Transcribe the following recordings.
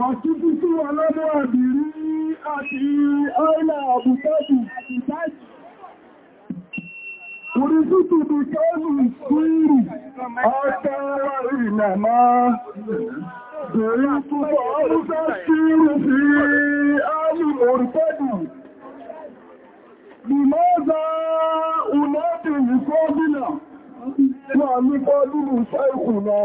Fàṣíkú tí wà lọ́dọ̀ àbìrí àti ọ́ìlà àbùkọ́bù àti ìtajì. Orísìtì bí kẹ́lù ìsúrù ọ̀tẹ́ ìrìnà máa bèèrè púpọ̀ ọdúnfẹ́ sírù sí áàlù òrùkọ́bù. Bìmọ́za unọ́bì ìkọ́bìnà wà ní kọ́bìnà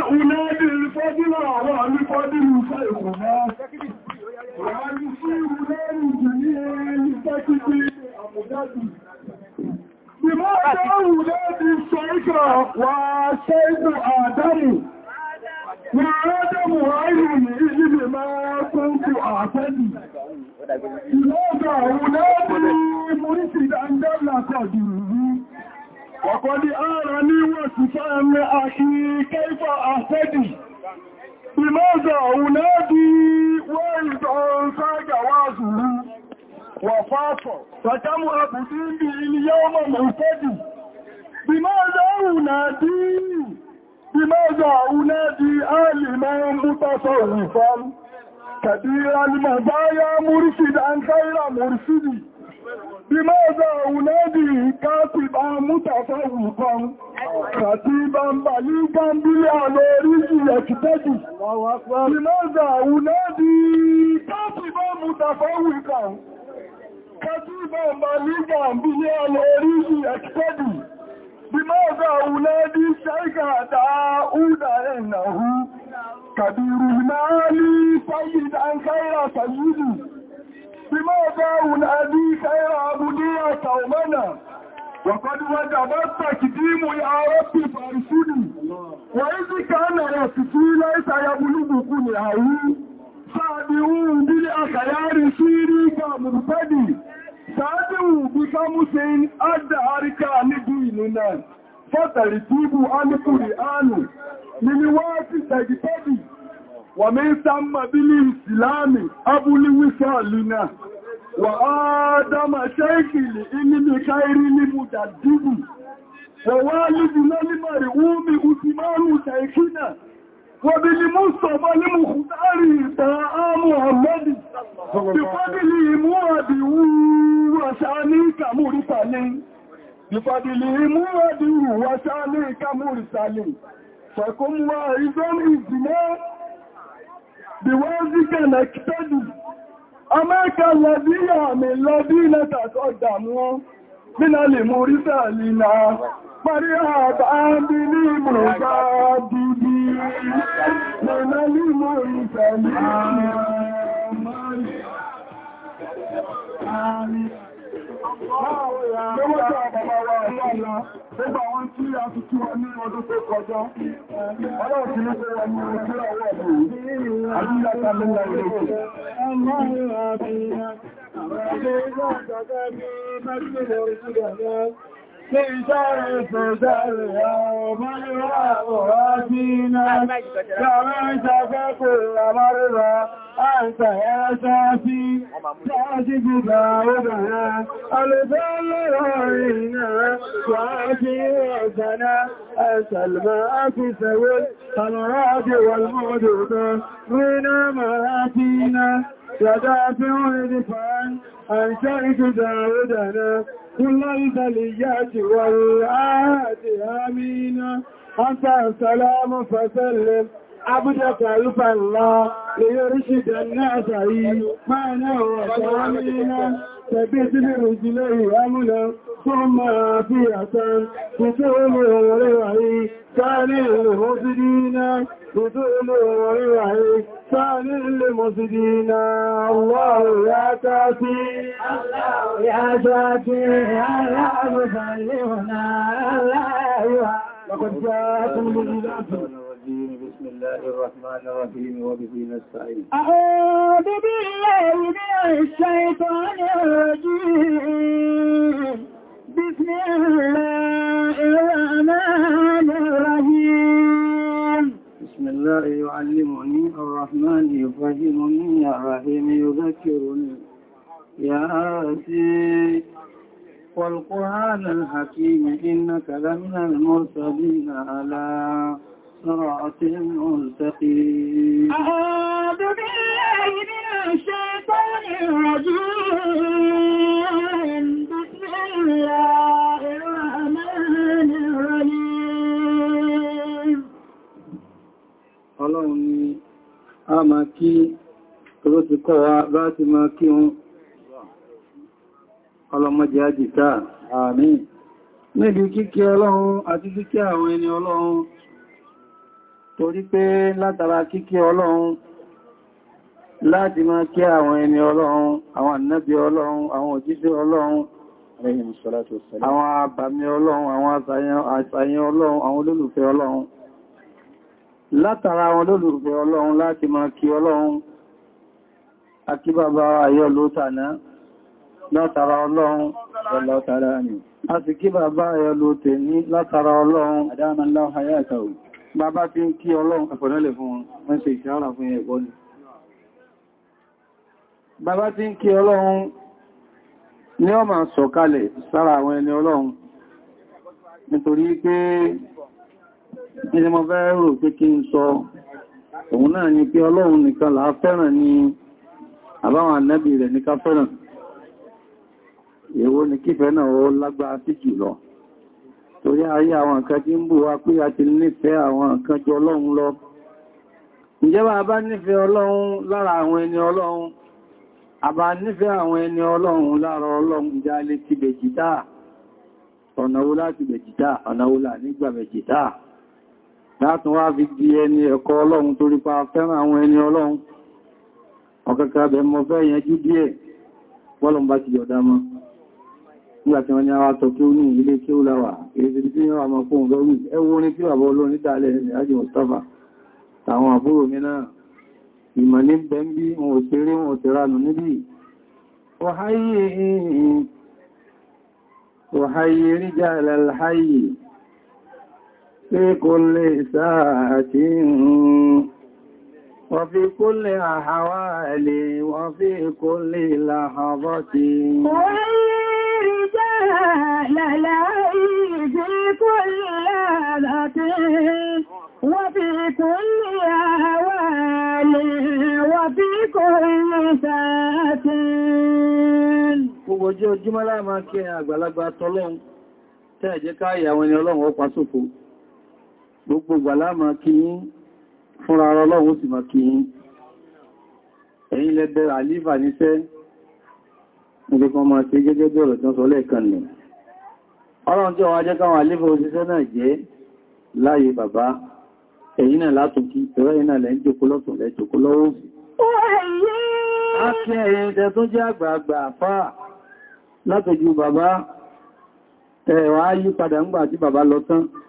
أولاد الفضل على الفضل فيقنا ويسير لنا جميع لتكتب أمدادي لماذا أولاد الشيكرة وسيد آدم وآدم عين إذ ما كنت أعتدي لماذا أولاد لقد أرني وصفا لأخي كيف أهتدي بماذا أنادي وإذ أنسى جوازه وفاف فتم أبدين به اليوم مهتدي بماذا أنادي بماذا أنادي آلما متصوفا كبير المهدايا مرشد عن خير مرشدي Bímọ́ọ̀dá òunẹ́dì káàkì bá mútàfà ìbọn, kàtí bá ń bà ní Gambílẹ̀ àlọ́ oríṣì ẹ̀kìtẹ́jì. Bímọ́ọ̀dá òunẹ́dì káàkì bá mútàfà ìbọn, kàtí bá ń bà ní Gambílẹ̀ àlọ́ oríṣì ẹ̀kìtẹ́jì. Bímọ́ọ̀dá òunẹ́dì ṣáìkà dáúdà ẹ̀nà بماذا أنأذيك يا أبني قومنا وقد وجبت تكديم يا رب فارسني وإذ كان يصفي ليس يبلغكم العيون سابعون بالأخيار سيري كمرتدي سابعوا بكمسين أدهرك لديننا فترتيب عن قرآن للواسي تجتدي ومن ثم بالإسلام أبو لوصالنا وآدم شيخ لإني بخير لمجدد ووالدنا لمرؤوم أثمان شيخنا وبالمصطفى المختار طاعة محمد بفضله موعده وشانك مرسلين بفضله موعده وشانك مرسلين فكم واعظا إذنان bíwọ́nzíkẹ̀ na kítọ́dù. Amẹ́ka lọ́bí yà mi lọ́bí látàkọ́ dàmú wọn, nínà lè mú orísà lè na parí àbá bí ní mọ̀gbá dìbí. Nínà lè mú orísà lè Lọ́wọ́jọ́ bàbá wa ọlọ́ọ̀lá, gbogbo àwọn tí a ti kí wọn ní ọdún tó kọjá, ọlọ́ọ̀tí ní kó wọn ní ojú ọwọ́ ọdún ìjọ àjọ́gá ní Májúlẹ̀ orí Ní ìṣẹ́rẹ̀ ìṣẹ́sẹ̀rẹ̀ àwọn ọmọlúwà àwọ̀rá sí iná, ṣàwọn ìṣàfẹ́kù àmọ́rúwà, àìsàn ẹ̀ṣẹ́ sí, ṣáàṣì gbogbo obìnrin, alẹ́fẹ́ lọ́rọ̀ ìrìnà, ṣáàṣì ẹ̀ṣẹ́ná, ẹ̀ṣẹ̀lẹ̀mọ́ ápìsẹ̀wé, tànàrà àti wọlmọ́ كل البليات والرعاة آمين أنت السلام فسلم عبدك ألف الله ليرشد الناس إيمانا وتعمينا ثبت برجليه أمنا ثم عافية بطول ورعي كان المهزدين بطول ورعي إحسان للمفسدين الله يا كافي الله يا شافي الله مسلمنا الله أيها لقد جاءكم بالله بسم الله الرحمن الرحيم وبه نستعين أعوذ بالله من الشيطان الرجيم بسم الله الرحمن الله يعلمني الرحمن يفهمني الرحيم يذكرني يا آسي والقرآن الحكيم إنك لمن المرسلين على صراط مستقيم أعوذ بالله من الشيطان الرجيم بسم الله ọlọ́run ni a máa kí tó ti kọ́ wa bá ti máa kí wọn ọlọ́mọdé àjìká àmín níbi kíkí ọlọ́run àti kíkí àwọn ẹni ọlọ́run torí pé látara kíkí ọlọ́run láti máa kí àwọn ẹni ọlọ́run àwọn ànábì ọlọ́run àwọn òjíṣẹ́ ọlọ́run àwọn àbàmì ọlọ́run àwọn àṣàyàn ọlọ́run àwọn olólùfẹ́ ọlọ́run látara wọn lólùfẹ́ ọlọ́run láti máa kí ọlọ́run àti bàbá ayọ́ ló tàná látara ọlọ́run ọlọ́tara ni a sì kí bàbá ayọ́ ló tẹ̀ ní látara ọlọ́run àdámanlá hayata ò bàbá ti ń kí ọlọ́run ẹ̀fọ̀nẹ́lẹ̀ fún wọn ní ó sọ̀kalẹ̀ sára àwọn ẹni ọlọ́run nítorí pé ní mo fẹ́ rò pé kí n sọ òun náà ni pé ọlọ́run nìkan là á fẹ́ràn ní àbáwọn ànábì rẹ̀ ní ká fẹ́ràn èwo ni kífẹ́ náà ó lágbára sí jù lọ torí ayé àwọn nǹkan tí ń bù wá pé a ti nífẹ̀ẹ́ àwọn nǹkan jọ ọlọ́run lọ ìjẹba a bá nífẹ̀ẹ́ ọlọ́run lára àwọn ẹni ọlọ́run a bá nífẹ̀ẹ́ àwọn ẹni ọlọ́run lára ọlọ́run ìjà lè ti bẹ̀jìtà ọ̀nà wo láti bẹ̀jìtà ọ̀nà wo là nígbà bẹ̀jìtà látún wá fi di ẹni ẹ̀kọ́ ọlọ́run torí pa fẹ́ràn àwọn ẹni ọlọ́run ọ̀kẹ́kẹ́ abẹ mọ́ fẹ́ yẹnjú díẹ̀ wọ́lọ̀ bá ti yọ̀dá mọ́ nígbàtí wọ́n ní àwọn atọ̀ kí ó ní ilé kí ó láwà èsì tí wọ́n àmọ́ fún ọ̀rọ̀ ẹwọ́ orin tí bàbá olórin dálẹ̀ ní ajé Mustapha àwọn àbúrò mi náà ìmọ̀ ní bẹ́m̀bí wọn ò ṣeré wọn ò ti ránù níbi ọ̀háyé ríjà في كل ساعة وفي كل أحوال وفي كل لحظة رجال لي في كل لحظة وفي كل أحوال وفي كل ساعة Gbogbo ojú ojúmọ́lá máa kí àgbàlagbà tọ́lọ́un tẹ́ẹ̀jẹ́ káyà àwọn ẹni ọlọ́run ó sófò. gbogbo gbàlá ma kí ní fúnra ara ọlọ́run sì ma kí yín ẹ̀yin lẹ́bẹ̀ àlífà níṣẹ́ nígbẹ́kan ma ṣe gẹ́gẹ́ bí ọ̀rọ̀ tí sọ lẹ́ẹ̀kan nì ọlọ́run tí ó jẹ́ káwọn àlífà òṣìṣẹ́ náà jẹ́ láyé bàbá náà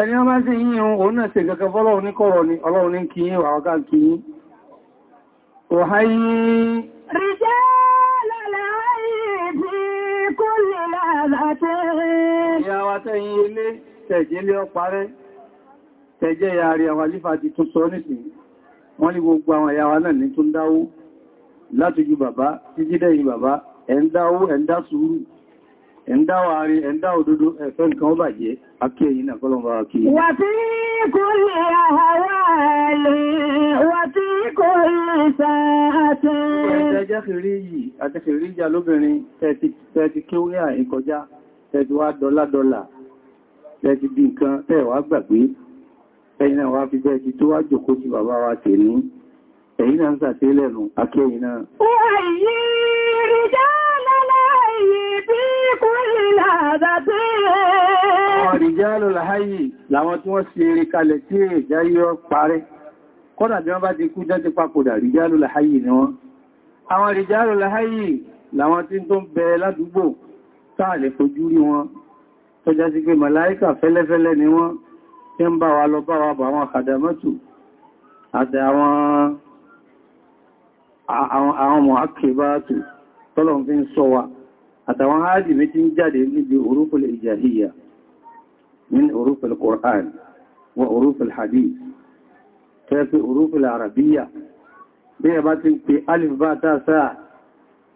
ẹni ọmọ sí yíyàn òun náà ṣe kankan fọ́lọ́run ní kọ̀rọ̀ ni ọlọ́run ní kí yíyàn àwọn káàkì yí òháyí ríṣẹ́ lọ́lẹ̀ àìdí kó lè láàbàtẹ́ ìyàwó tẹ́yìn ilé tẹ̀jẹ́ lé ọparẹ́ tẹ̀jẹ́ ìyàrí àwọn alífà ti tún sọ nìsìn wọ́n ní gbogbo àwọn ìyàwó náà ní ẹ̀ndá wàárí ẹ̀ndá òdúdó ẹ̀fẹ́ nǹkan ó bàjẹ́ akí èyí náà kọ́lọ̀mọ́ akí. wà tí kò lè àwọ́ ẹ̀lẹ́ wà tí kò lè sàátẹ́. ẹ̀ẹ́dẹ́jẹ́kìrí yìí àtẹ́kìrí jà lóbìnrin tẹ́ẹ̀tì kí ó rí àìkọjá èyí náà ń sàtẹ́lẹ̀ nù akẹ́yìn náà. ó àyí rí dáa lálẹ́ yìí sí kúrì láàdàtí. Ọ̀rìjálò láyé làwọn tí wọ́n ṣe eré kalẹ̀ tí èjá yọ parẹ́. Kọ́nà bí wọ́n bá ti kú jẹ́ papòdà, ríjálò láyé ni wọ́n. Àwọn ríjálò láyé làwọn tí tó ń bẹ ládùúgbò táàlẹ̀ fojú rí wọn àtàwọn áàdìmí tí ń jáde níbi orúfil ìjàhíyà min orúfil Qur'an wa orúfil hadith tẹ́fẹ́ orúfil arabiyya bí ẹ bá ti pè alif bá ta sáà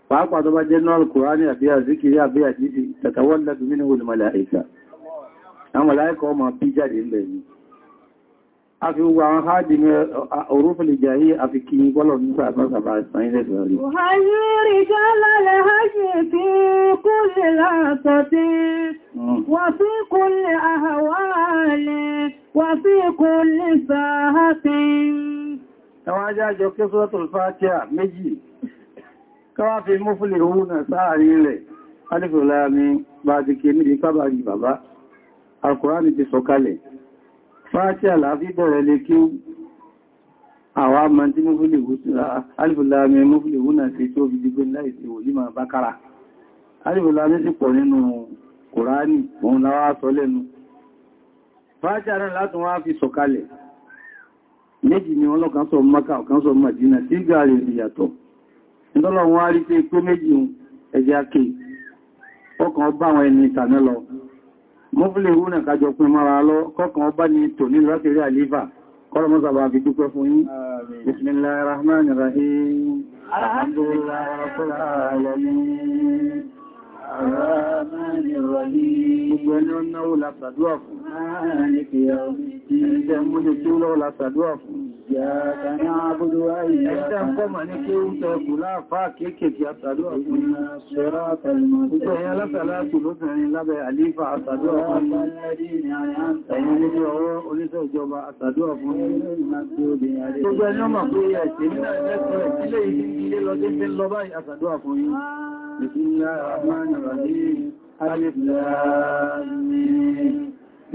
pàápàá tó bá jẹ́ náà Qur'ani àbí àzíkiri àbí àdífi tàtàwọ́lá a fi gbogbo àwọn hajji ní orúfẹ́lẹ̀ jayé a fi kí bọ́lọ̀ nípa àkọ́sàbà ìsànilẹ̀ ìsọ̀rí. ọ̀háyí rí jálàlẹ̀ hajji fi kúlẹ̀ látọ̀tí hmm. wà fi kúlẹ̀ àhàwálẹ̀ wà fi kúlẹ̀ sàáhàtí ẹwà jájọ kí sọ́tọ̀l fàtíà méjì káwà fi múfúlẹ̀ owó na sáàrí kí ní ìkábàrí fáàtí àlàáfí bẹ̀rẹ̀ lè kí àwọn amọ́ tí mú fúlè wú alìfòlàmí mú fúlè wú náà sí tó fi dígbé láìsí wòlí máa bá kára alìfòlàmí sì pọ̀ nínú kòránì òun láwá sọ lẹ́nu fáàtí àrẹ láti wá fi sọ̀kalẹ̀ méjì ni ọlọ́kan sọ Mákà ọ̀kan sọ Mádínà tí gàrí ìyàtọ̀ ìtọ́lọ̀ wọn á rí pé pé méjì ẹjẹ́ ake ọkàn bá àwọn mọ́fílẹ̀ ìwúnà kájọ pín mara lọ kọ́kàn ọba ní tò ní látìrí àlífà kọ́lọ̀mọ́sàbà fi dúpẹ́ fún yín bismillahirrahmanirrahim alhamdulillahi rabbil alamin الرحمن الرحيم gbogbo ẹni náwó la ṣàdúrà fún ẹ̀ẹ́dẹ̀ múlẹ̀ tí ó lọ́wọ́ la ṣàdúrà fún ìyàkà ní àbúrò ayé ẹ̀ẹ́dẹ̀ kọmà ní kí ó tẹ́ kù láàfá kéèkèé àṣàdúrà fún gbogbo ẹ̀yà lásàlátù lóbìnrin lábẹ́ àlífà àṣàdúrà fún ẹ̀yìn nílé ọwọ́ oníṣẹ́ ìjọba àṣàdúrà fún gbogbo ẹni ọmọ pé ẹ̀ṣẹ̀ nílẹ̀ ìlú ilé lọ بسم الله الرحمن الرحيم الم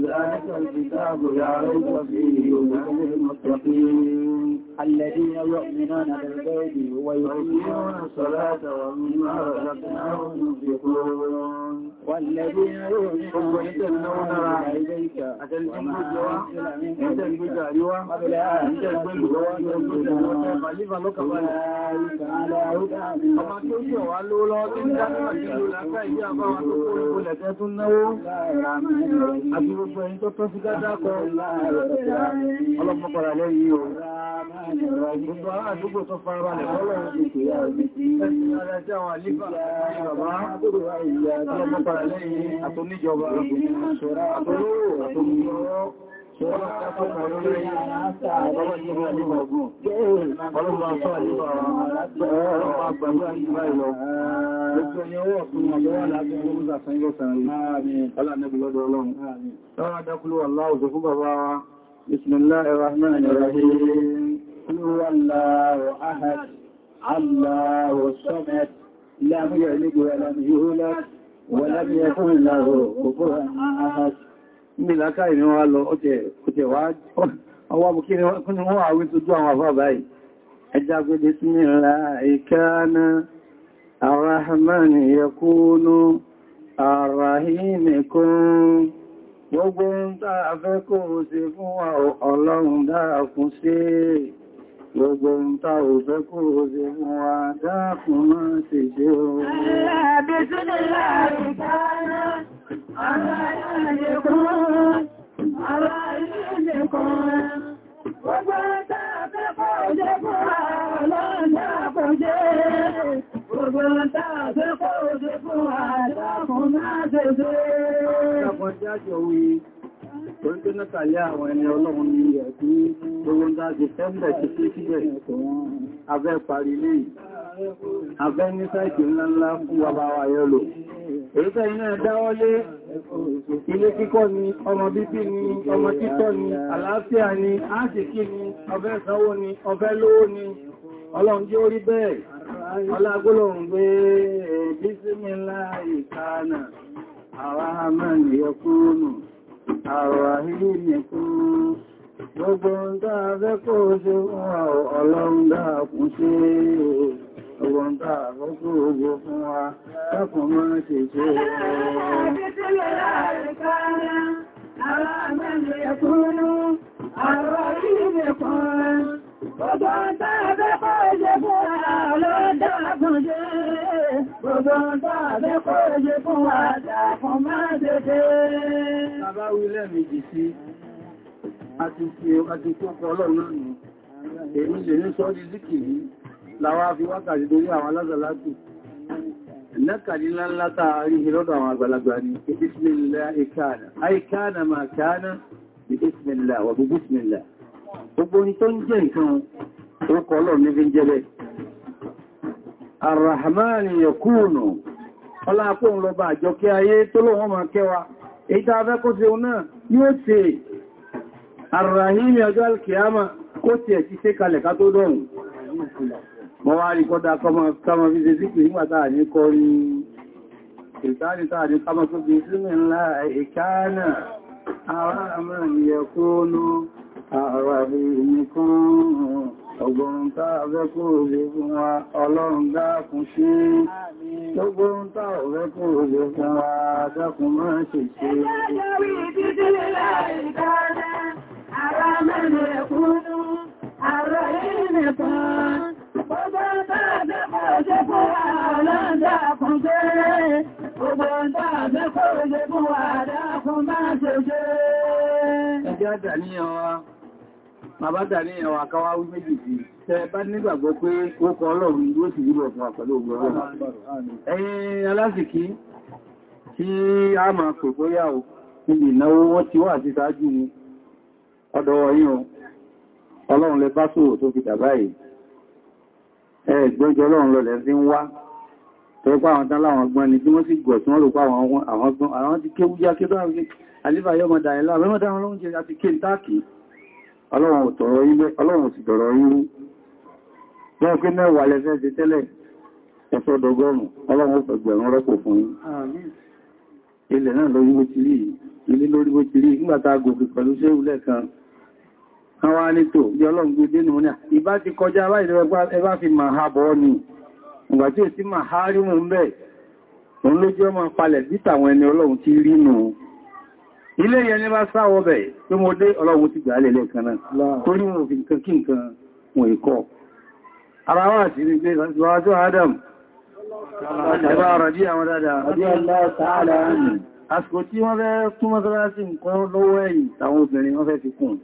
ذلك الكتاب لا ريب فيه هدى للمتقين الذين يؤمنون بالغيب ويقيمون الصلاة ومما رزقناهم ينفقون والذين يؤمنون بما إليك وما أنزل منك أولئك على هدى من ربهم gbogbo ẹni tó tọ́ sí dájákọ̀ ọlọ́pọ̀pọ̀lá lẹ́yìn o gbogbo ará àdúgbò tó farabalẹ̀ lọ́lọ́run بسم الله الرحمن الرحيم قل هو الله أحد الله الصمد لم يلد ولم يولد ولم يكن له كفوا أحد ní ìlàkà ìrìn wá lọ ọ̀tẹ̀ wá ọwọ́ bukí ni wọ́n àwí tó jú àwọn àfáà báyìí ẹjá pé bismillahi kana arrahman yakunu arrahim kun gbogbo ń tá a fẹ́ kó ṣe fún ọlọ́run dákun ṣe gbogbo ń tá a fẹ́ kó ṣe fún wa dákun má ṣe ṣe o Tàlẹ́ àwọn ẹni ọlọ́run ní ẹ̀kú, gbogbo ń dá ti fẹ́ mẹ́ ti sí síbẹ̀. Abẹ́ parí léyìí abẹ́ ní sáìtì ńláńlá fún bàbá wa yọ́ lò èyí tẹ́ iná dáwọ́lé ilé kíkọ́ ni ọmọ bíbí ni ọmọ títọ́ ni àlàáfíà ni áṣìkí ni ọbẹ̀ sanwó ni ọbẹ̀ lówó ni ọlọ́run orí bẹ́ẹ̀ ọlágbólóhùn gbogbo ń dáa fẹ́ kó ṣe fún ọlọ́run dáa kún ṣe ìwọ bá àkókò ogun fún wa dákùn máa ṣe ṣe Gbogbo ọ̀tá àbẹ́kọ́ ìjẹ́ fún wa lọ́dọ́ àkùnjẹ́. Gbogbo ọ̀tá àbẹ́kọ́ ìjẹ́ fún wa dákùn máa ṣe ṣe. Bàbá wílẹ̀ méjì sí, a ti fi ọkọ̀ ọlọ́run lónìí, èmi lè ní sọ́ọ́ láwọn afi wákàtí tó ní àwọn alázàlátù lẹ́kàdínláńlá tààrí lọ́dọ̀ àwọn àgbàlagbà ní ìbísmìlá ìkáàdà àìkáàdà máa káàdà ìbísmìlá wà bí bísmìlá gbogbo ní tó ń jẹ́ nǹkan orúkọ ọlọ́run ní fi ń jẹ́bẹ̀ arahmani yakunu ọlápọ̀ ń lọba àjọ kí ayé tó lóhun máa kẹwa èyí mọ́ wá rí kọ́dá kọmọ fi ṣe síkì nígbàtà ní kọrí ìtàlítà ní kọmọ tó bí sílẹ̀ ńlá ìkáánà àwọn àmìyàkó ní àrà ìmìkan ọgbọ̀n tá àfẹ́kù òjò fún wa ọlọ́run dákun Gbogbo ń tàbí kò ṣe fún wa láńdàkùn jẹ́. Gbogbo ń tàbí kò ṣe fún wa dákùn bá ṣe jẹ́. Ẹjá dà ní ọwá, bàbá dà ní ọwá káwá wí méjì sí. Tẹ bá nígbàgbọ́ pé ó kọ ọlọ́run ló sì wúlò fún wa pẹ̀lú ògbò ọlọ́run. Ẹ̀yin alásìkí tí a máa pè bóyáwó níbi ìnáwó wọ́n ti wà sí ṣáájú ni. Ọ̀dọ̀ ọlọ́run lẹ bá sòrò tó fi dà ẹgbẹ́jọ́ ọlọ́run lọ lẹ́sí ń wá tọ́pá àwọn tán láwọn gbọ́n ni tí wọ́n sì gọ̀ tí wọ́n rò pa àwọn gbọ́n àwọn ti kéwú yá kéwú àwọn alífà yọ́ mọ̀dá ẹ̀lá mẹ́mọ̀dá àwọn oúnjẹ àti kéńtàkì ọlọ́run sì tọ̀rọ̀ irú lọ́wọ́ pé mẹ́wàá lẹ́fẹ́ ti tẹ́lẹ̀ ẹ̀fọ́dọgọ́rùn ọlọ́run fẹ̀gbẹ̀rún rẹ́pò fún yín ilẹ̀ náà lórí bó ti rí ilé lórí bó ti rí nígbàtà gòkè pẹ̀lú ṣéhùlẹ̀ kan àwọn anìtò bí ọlọ́gbé dínú náà ìbá ti kọjá aláìlẹ́wọ́gbá ẹbá fi ma ha bọ́ ní ìgbà tí ò sí ma ha rí mú bẹ́ òun ló jẹ́ ọmọ palẹ̀ dítà àwọn ẹni ọlọ́run ti rí nù ilé yẹn ní bá sáwọ́ bẹ̀ tó mo dé ọlọ́run ti gbàálẹ̀ lẹ́ẹ̀kan náà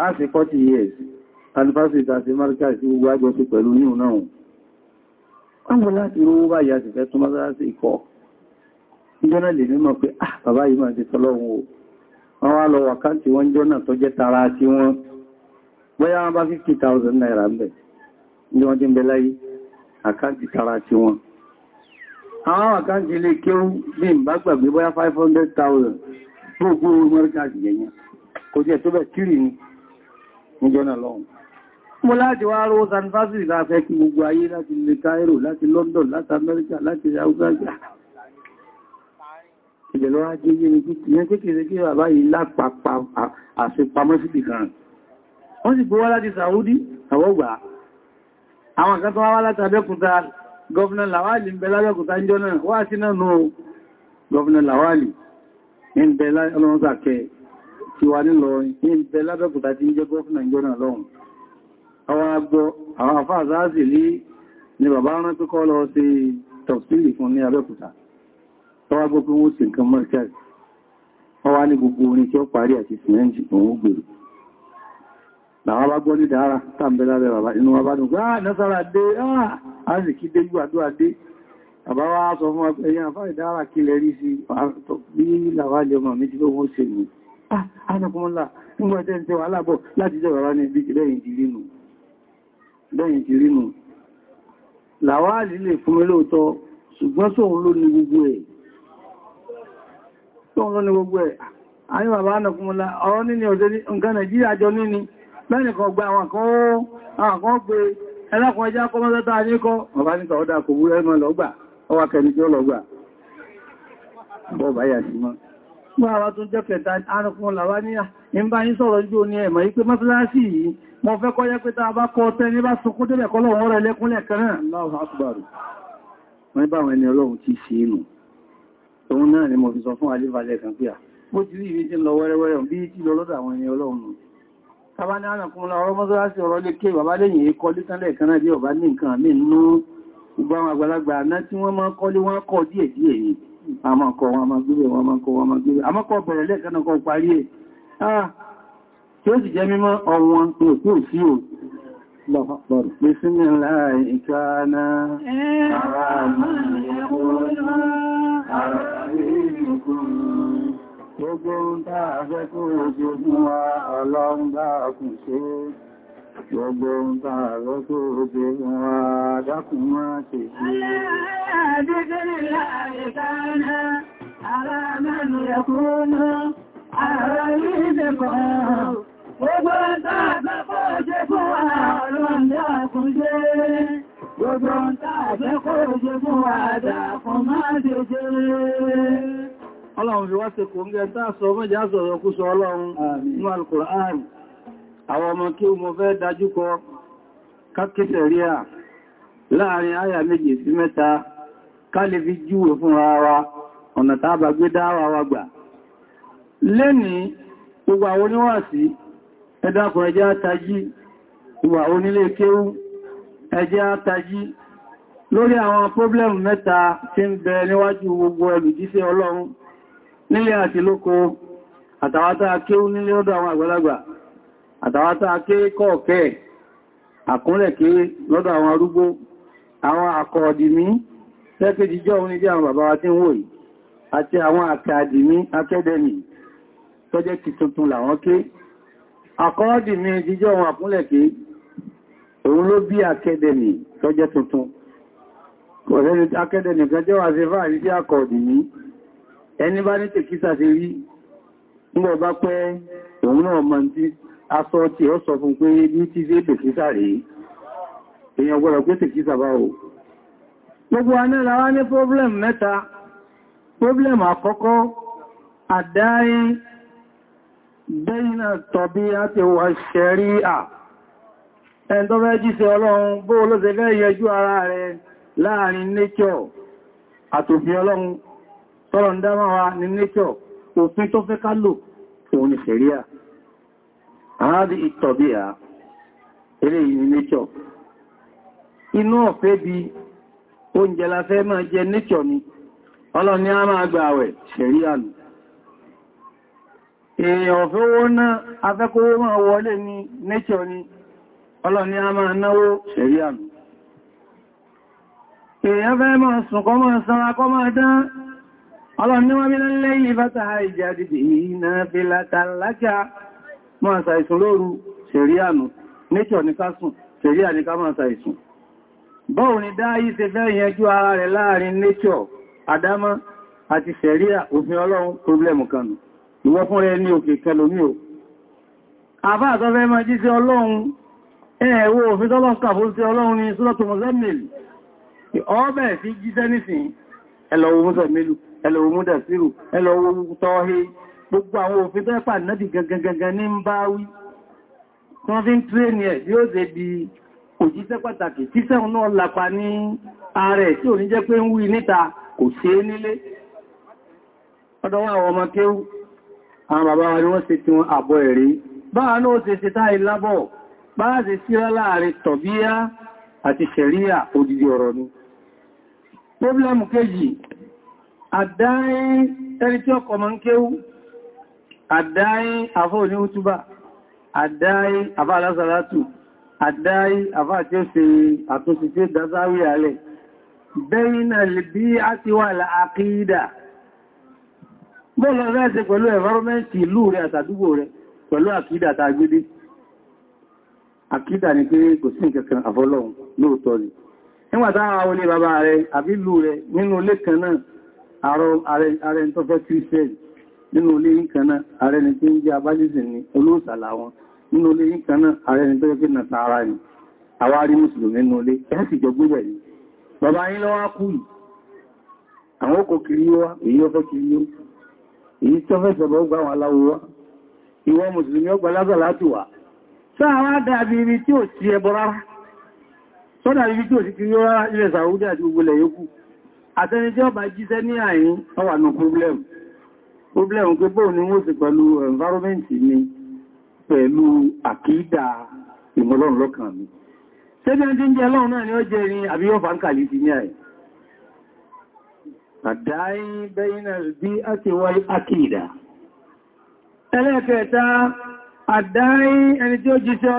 láti 40 years anniversary tàbí marika sí gbogbo àjọsí pẹ̀lú yíò náà wọ́n láti rówó báyìí àti fẹ́ tún mọ́sánsí ikọ̀ ìjọ́nà lè mímọ̀ pé ah bàbá yìí máa ti tọ́lọ́run o wọ́n wá lọ wàkántí wọ́n jọ́nà tó jẹ́ tara tí wọ́n bóyá wọ́n bá 50,000 naira ń bẹ̀ ní wọ́n ti ń bẹ láyé àkántí tara tí wọ́n àwọn àkántí ilé kéwú bí n bá gbàgbé bóyá 500,000 gbogbo mọ́ríkà jẹ̀yẹn kò jẹ́ tó bẹ̀ kírì ni níjọ́nà lọ́hùn. Mo láti wá rọ Sanfásìrì láfẹ́ kí gbogbo ayé láti lè Cairo, láti London, láti Amẹ́ríkà, láti Australia. Ìbẹ̀ lọ ajé yé ni títí, yẹn kékeré kí bàbá yìí lápapà àṣepamọ́ síbì kan. Wọ́n sì gbówá láti Saudi, àwọ́gbà. Àwọn kan tó wá láti Abẹ́kúta, Gọ́vnà Làwálì ń bẹ lábẹ́kúta ń jọ náà, wá sí náà nù Gọ́vnà Làwálì ń ti wà nílọrin ní ìbẹ̀ lábẹ́kùta tí ń jẹ́ gọ́fìnà ìjọ́nà lọ́hùn àwọn agbọ́ àwọn àfáà záàzì lé ni bàbá rán pẹ́kọ́ lọ sí tọ̀sílì fún ní abẹ́kùta tọ́wà gbọ́ pé wọ́n sì nǹkan mọ́ríkàrí wọ́n wá ní gbogbo orin tí ó parí àti sìmẹ́ǹtì tó ń gbèrò làwọn bá gbọ́ ní dára tàbí lábẹ́ bàbá inú wa bá dùn gbá ah, nẹ́sára dé á sì kí dé gbàdúrà dé bàbá wa sọ fún ẹyìn àfáà ìdára kílẹ̀ rí sí bí làwálẹ̀ ọmọ mi tí ó wọ́n ṣe nìí ánàkùnmọ́lá nígbàtẹ́ ń tẹwà alábọ̀ láti jẹ́ bàbá ní ibi lẹ́yìn ti rínú làwáàlì lè fún mi lóòtọ́ ṣùgbọ́n sóhun ló ní gbogbo ẹ̀ sóhun ló ní gbogbo ẹ̀ ayé bàbá ánàkùnmọ́lá ọ̀rọ̀ níní ọ̀dẹ́ nǹkan nàìjíríà jọ níní lẹ́nì kan gba àwọn kan àwọn kan pé ẹlẹ́kùn ẹjá kọ́ mọ́sátá àníkọ́ bàbá níta ọ̀dá tí ó lọ́gbà bọ́ báyà sí mọ́ Máa wá tún jẹ́ kẹta arúkún làwá ní ìmbá yí sọ̀rọ̀ jú ní ẹ̀mọ̀ yí pé mọ́sálásí yìí, mo fẹ́ kọ́ yẹ́ pé ta bá kọ́ tẹ́ ní bá sunkún débẹ̀ kọ́ lọ́wọ́ rẹ̀ lẹ́kúnlẹ̀ kan náà. Allahu Akbar. Wọ́n bá wọn ẹni ọlọ́run ti ṣe inú. Òun náà ni mo fi sọ fún Alífàlẹ́ kan pé à. Mo ti rí ìrìn tí ń lọ wẹ́rẹ́wẹ́rẹ́ bí tí lọ lọ́dọ̀ àwọn ẹni ọlọ́run. Tàbá ní àrùn ọ̀rọ̀ mọ́sálásí ọ̀rọ̀ lé ké bàbá lẹ́yìn èkọ́ lítánlẹ̀ kan náà bí ọ̀bá ní nǹkan mí nú gbogbo àwọn àgbàlagbà náà tí wọ́n máa kọ́lé wọ́n kọ́ díẹ̀ díẹ̀ yìí àmọ́kọ̀ wọn máa gbílẹ̀ wọn máa kọ wọn máa gbílẹ̀ àmọ́kọ̀ bẹ̀rẹ̀ lẹ́ẹ̀kanakọ̀ ah tí ó sì jẹ́ mímọ́ ọ̀wọ́n Gbogbo ń dáa fẹ́ kó ojú fún wa, ọlọ́run dáa kùn ṣe Gbogbo nta bá àrọ́ tó obi wọn dákùn máa ṣe ṣe. Àdéjẹ́rẹ̀ ara ara Gbogbo ń tá ṣe fún wa ọlọ́run dákùn Gbogbo ń tá ṣe fún wa máa ṣe Ọlọ́run fi wá ṣe kò ń àwọn ọmọ kí mo fẹ́ dájúkọ kákẹsẹ̀ rí à láàrin àyà méjì sí mẹ́ta ká lè fi júwe fún wa ọ̀nà tàbà gbé dáwà wa gbà lẹ́ni gbogbo àwọn oníwàásí ẹ̀dàkùn ẹjẹ́ àtají ìwà onílé kéwú ẹjẹ́ àtají lórí àwọn pọ́blẹ̀mù mẹ́ta tí ń bẹ níwájú gbogbo ẹlùjíṣẹ́ Ọlọ́run nílé àti lóko àtàwátá kéwú nílé ọ̀dọ̀ àwọn àgbàlagbà àtàwátá kéré kọ̀ọ̀kẹ́ àkúnlẹ̀ kéré lọ́dọ̀ àwọn arúgbó àwọn àkọ̀ọ̀dìmí tẹ́kẹ́jì jọ ní bí àwọn bàbá wa tí ń wò yìí àti àwọn àkàdìmí akẹ́dẹ̀mì tọ́jẹ́ ti tuntun làwọn ké àkọ̀ọ̀dìmí jíjọ́ wọn àkúnlẹ̀ ké òun ló bí akẹ́dẹ̀mì tọ́jẹ́ tuntun akẹ́dẹ̀mì kan jẹ́ wà sí fáàrí sí àkọ̀ọ̀dìmí ẹni bá ní tèkítà sí rí ń bọ̀ bá pẹ́ òun náà mọ̀ tí aṣọ tí ó sọ fún pé ní tí ṣe tẹ̀kísà rèé èèyàn gbọ́dọ̀ pé tẹ̀kísà bá o gbogbo anára wá ní problem mẹ́ta problem àkọ́kọ́ àdáyé bẹ́yìnà tọ̀bí àti wà ṣẹ̀rí à ẹn tó fẹ́ jíṣẹ́ ọlọ́run bó ló ṣe fẹ́ yẹjú ara rẹ̀ láàrin nature àtòfin ọlọ́run àádì ìtọ̀bí à eré ìní nature inú ọ̀fẹ́ bí oúnjẹ la máa jẹ nature ni ọlọ́ni a máa gba àwẹ̀ ṣẹ̀rí ànù èèyàn ọ̀fẹ́ owó náà afẹ́kówó máa wọlé ní nature ni ọlọ́ni a máa náwó ṣẹ̀rí ànù èèyàn fẹ́ máa sùn kọ́ máa sanra kọ́ máa dán ọlọ́ni wọ́n bí lẹ́yìn fátàhà ìjà dìdì látàlákà máa ṣàìsùn lóru ṣẹ̀ríànù nature ní kásùn ṣẹ̀ríà ní ká máa ṣàìsùn bọ́ọ̀ ni dáyí ṣe fẹ́ yẹjú ara rẹ̀ láàrin nature àdámá àti ṣẹ̀ríà òfin ọlọ́run problemu kanu ìwọ fún rẹ ní òkè kẹlòmí o àbá àtọ́fẹ́ máa jí sí ọlọ́run ẹ̀ẹ̀wò òfin tọ́lọ́kàfún sí ọlọ́run ní Suratul Muzammil ọbẹ̀ sí jíṣẹ́ nísìn ẹlọ́wọ́ mú tẹ̀mílù ẹlọ́wọ́ mú dẹ̀sírù ẹlọ́wọ́ gbogbo àwọn òfin tó ẹ́pà náà di gangan ní ń bá wí tí wọ́n fi ń tírẹ́nì ẹ̀ yóò dé bí òjíṣẹ́ pàtàkì tí sẹ́hun náà lápa ní ààrẹ tí ò ní jẹ́ pé ń wí níta kò ṣe nílé ọdọ́ wà àwọn ọmọ kéwú àwọn bàbá wa ni ẹni tí ọkọ̀ mọ́ ń kéwú àdáyí àfọ́ ní útúbà àdáyí àfá alásàlátù àdáyí àfá tí ó ṣe àtúnṣe tí ó dázáwí alẹ̀ bẹ́yìnà bí a ti wà láàkídà bọ́ọ̀lọ́ rẹ̀ ṣe pẹ̀lú environment ìlú rẹ̀ àtàdúgbò rẹ̀ pẹ̀lú àkídà tàgbédé ni pé kò sí ìkẹ̀kẹ̀ àfọ́lọ́hun lóòtọ́ ni nígbàtá àwọn olè bàbá rẹ̀ àbílù rẹ̀ nínú ilé kan nínú ilé yìí kan náà ààrẹ ni tí ń jẹ́ abájísìn ni olóòsàlà wọn nínú ilé yìí kan náà ààrẹ ni tó yẹ kí nà sàárà ni àwárí mùsùlùmí nínú ilé ẹ̀ sì jọ gbúgbẹ̀ ni bàbá yín lọ́wọ́ kú yìí àwọn okò kiri wá èyí ọfẹ́ kiri yóò èyí tó fẹ́ sọ̀bọ̀ gbà wọn aláwọ̀ wá ìwọ mùsùlùmí ọgbà lázà láti wà sáàwá dàbí ibi tí ò sí ẹbọ rárá sọ́dà ibi tí ò sí kiri rárá ilẹ̀ Saudi àti gbogbo ilẹ̀ yókù àtẹni problem pé bóò ni wọ́n sì pẹ̀lú environment ni pẹ̀lú àkídà ìmọ̀lọ́run lọ́kàn mi ṣé bí wọ́n ti ń jẹ́ ọlọ́run náà ni ó jẹ́ irin àbí yóò bá ń kàlí ti ní àì àdáyí bẹ́yìnà bí a ti wá àkídà ẹlẹ́kẹta àdáyí ẹni tí ó jíṣẹ́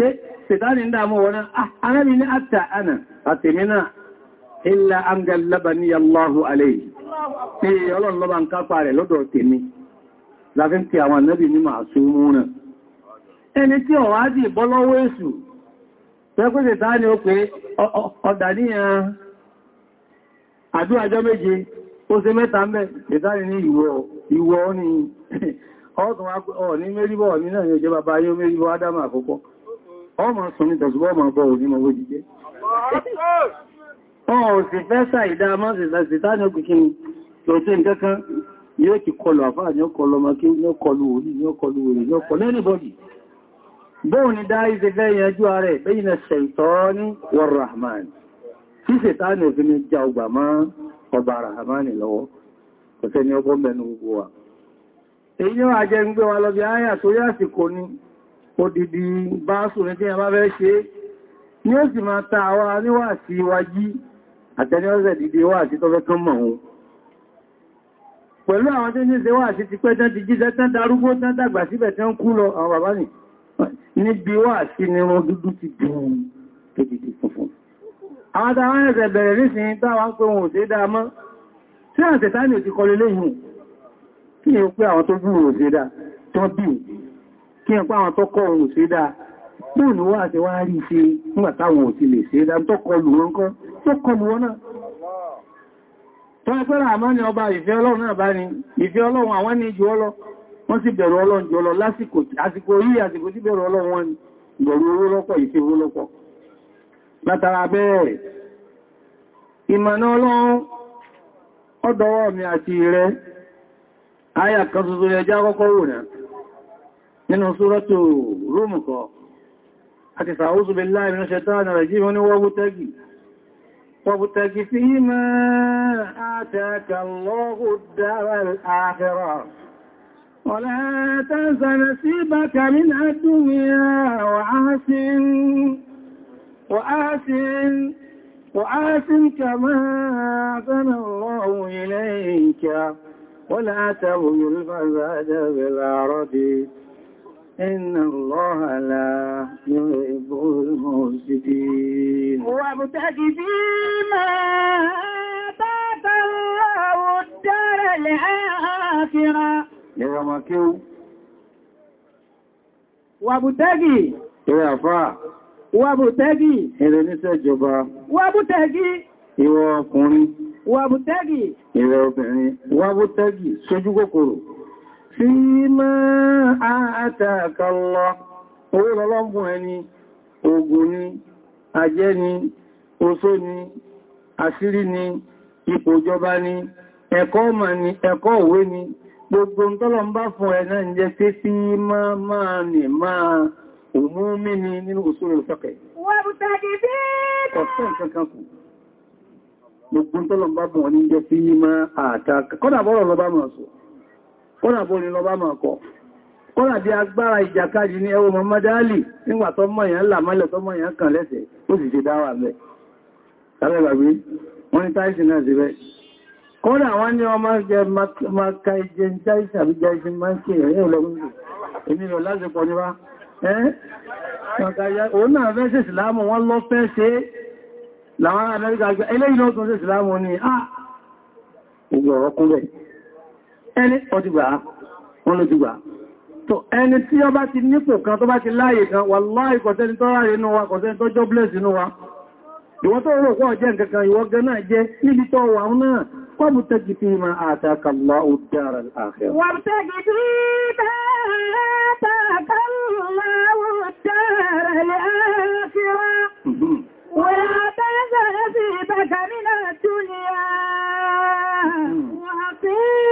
pé ṣètàní ń dámọ́ wọn arábí ah, ní àtà ànà àtèmínà ilá angallaba ní Allahu alayhi tí ọlọ́run lọ́ba ń kápa rẹ̀ lọ́dọ̀ tèmi láfín tí àwọn anábì ní máa sún múnà ẹni tí ọ̀wádìí bọ́lọ́wọ́ èṣù tẹ́kùn ṣètàní pé ọ̀dàníyàn ní ní náà ọmọ sùn ní tẹ̀sùgbọ́ ọmọ bọ́ òní mọ̀ owó jíjẹ́ wọn ò sì fẹ́ sàìdá mọ́sílẹ̀sì táni ó kìkín tó tí n kankan yóò ti kọlù àfáà ní ọkọlù ọmọkí ní ọkọlù òní ní ọkọlù òní ní ọkọlù anybody bóò ni dáa ìṣe fẹ́ yanjú ààrẹ bẹ́yìn na ṣaitani wa rahman tí ṣètáni òfin ní já ọgbà mọ́ rahman lọ́wọ́ kò sẹ́ni ọgbọ́n mẹ́nu gbogbo wa èyí ni wọ́n àjẹ́ ń gbé wa lọ bí áyà tó yá àsìkò ni odidi báásù rẹ̀ tí a bá fẹ́ ṣe ní ó sì máa ta àwa níwà sí wájí àtẹni ọ́sẹ̀ dìde wà sí tọ́fẹ́ kan mọ̀ ohun pẹ̀lú àwọn tí ní ṣe wà sí ti pẹ́ tán ti jíṣẹ́ tán darúgbó tán dàgbà síbẹ̀ tán kú lọ àwọn bàbá nì níbi wà sí ni wọn dúdú ti dùn tó dìde funfun àwọn tàwọn ẹ̀sẹ̀ bẹ̀rẹ̀ nísìnyí kí ẹ̀pá àwọn tọ́kọ̀ ohun òṣè dáa bóò ní wá àti wá rí ṣe nígbàtàwọn òsì lè ṣe dáa tọ́kọ̀ lù wọn kọ́ tọ́kọ̀ lù wọn náà tọ́ẹ̀pẹ́rẹ́ àmọ́ ni ọba ìfẹ́ ọlọ́run náà bá ní ìfẹ́ ọlọ́run àwọn ní jù ọlọ́ wọ́n sì bẹ̀rù ọlọ́run jù ọlọ lásìkò yí àsìkò tí bẹ̀rù ọlọ́run wọn bẹ̀rù owó lọ́pọ̀ ìfẹ́ owó lọ́pọ̀ látara bẹ́ẹ̀ ìmọ̀nà ọlọ́run ọdọ́wọ́ mi àti rẹ̀ áyà kan tuntun منه سورة رومك حتى أعوذ بالله من الشيطان الرجيم هنا وابتكي وابتكي فيما آتاك الله الدار الآخرة ولا تنسى نصيبك من الدنيا وعاسن وآسن وآسن كما أعطن الله إليك ولا تغيو الفزاد بالأرضي إن الله لا يحب المفسدين وابتغ فيما آتاك الله الدار الآخرة يا مكيو وابتغ يا فا وابتغ إذا نسى جبا وابتغ ìwọ ọkùnrin wàbútẹ́gì ìwọ obìnrin wàbútẹ́gì sójú kòkòrò فيما آتاك الله owó lọ́lọ́gbùn ẹni ogun ni ajẹ́ ni oṣó ni asiri ni ipò ni ẹ̀kọ́ ọmọ ni ẹ̀kọ́ òwe ni gbogbo ń fún ẹ̀nà ìjẹ́ tí sí máa máa nì máa ni nínú sí kọ́nà bó ní lọ bá máa kọ́ kọ́nà bí agbára ìjàkadì ní ẹwọ mọ́mọ́dálì nígbà tó mọ̀yàn là mọ́lẹ̀ tó mọ̀yàn kàn lẹ́sẹ̀ ó sì ṣe dáwà bẹ́ tàbẹ́gbàgbé wọ́n ní táìsì náà sí bẹ́ kọ́nà wọ́n ní ọmọ jẹ maka ìjẹ jáìsì àbí jáìsì máa ń ṣe ẹ̀yẹ́ ọlọ́gbọ́n ẹni ọdígbà wọn ló dìgbà tó ẹni tí ó bá ti nípò kan tó bá ti láàyè kan wàláhì kọ̀sẹ́ni tó ráyè inú wa kọ̀sẹ́ni tó jobless inú wa ìwọ tó rò pọ̀ jẹ́ nǹkankan ìwọ gan náà jẹ́ níbi tó wà náà kọ́bù tẹ́gì fi ma àtàkàlá ad-dar al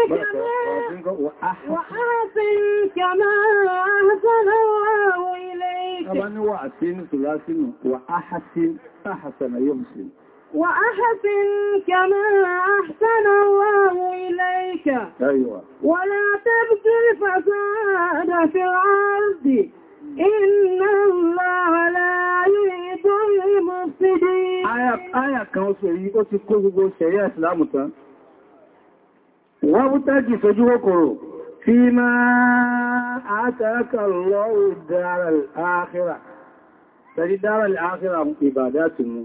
وأحسن كما أحسن الله إليك أبني وأحسن ثلاثين وأحسن أحسن يمسن وأحسن كما أحسن الله إليك أيوة ولا تبذل فساد في الأرض إن الله لا يريد المفسدين آية آية كان ó ṣe yí ó ti wọ́n mú tẹ́jì sojú kòkòrò tí máa àtàkà lọ́wọ́ dára l'áàkírà tẹ́rí dára l'áàkírà ìbàdá ti mú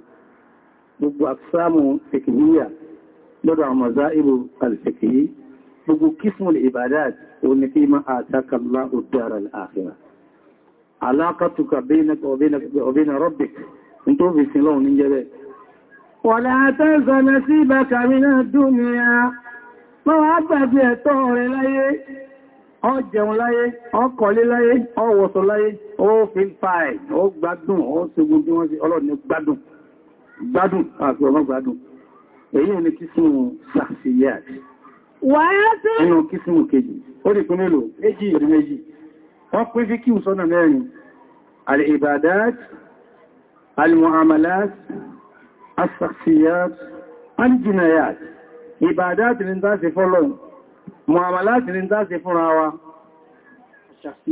gbogbo àkísàmù fèkìlíyà lọ́dọ̀ àmọ̀zá ìbò alìfèkìlí gbogbo kífún ìbàdá oní tí máa àtàkà lọ́wọ́ dára l'áàkírà Wọ́n látẹ́ zọ sí ìbákàrí náà dúnmìí Má wá gbàgbé ẹ̀tọ́ rẹ̀ láyé, ó jẹun láyé, ó kọ̀lé láyé, ó wọ̀sọ̀ láyé, ó fi ń pa ẹ̀, ó gbádùn, ó ṣogun bí wọ́n sí ọlọ́dún gbádùn, gbádùn àti ọmọ gbádùn. Èyí ni kìsìmù sàṣìyà àti. Wàá tí? Inú kìsìmù kejì, ó ìbàdá àti ní tàṣe fọ́lọ̀ mọ̀hàmàlá àti ní tàṣe fúnra wa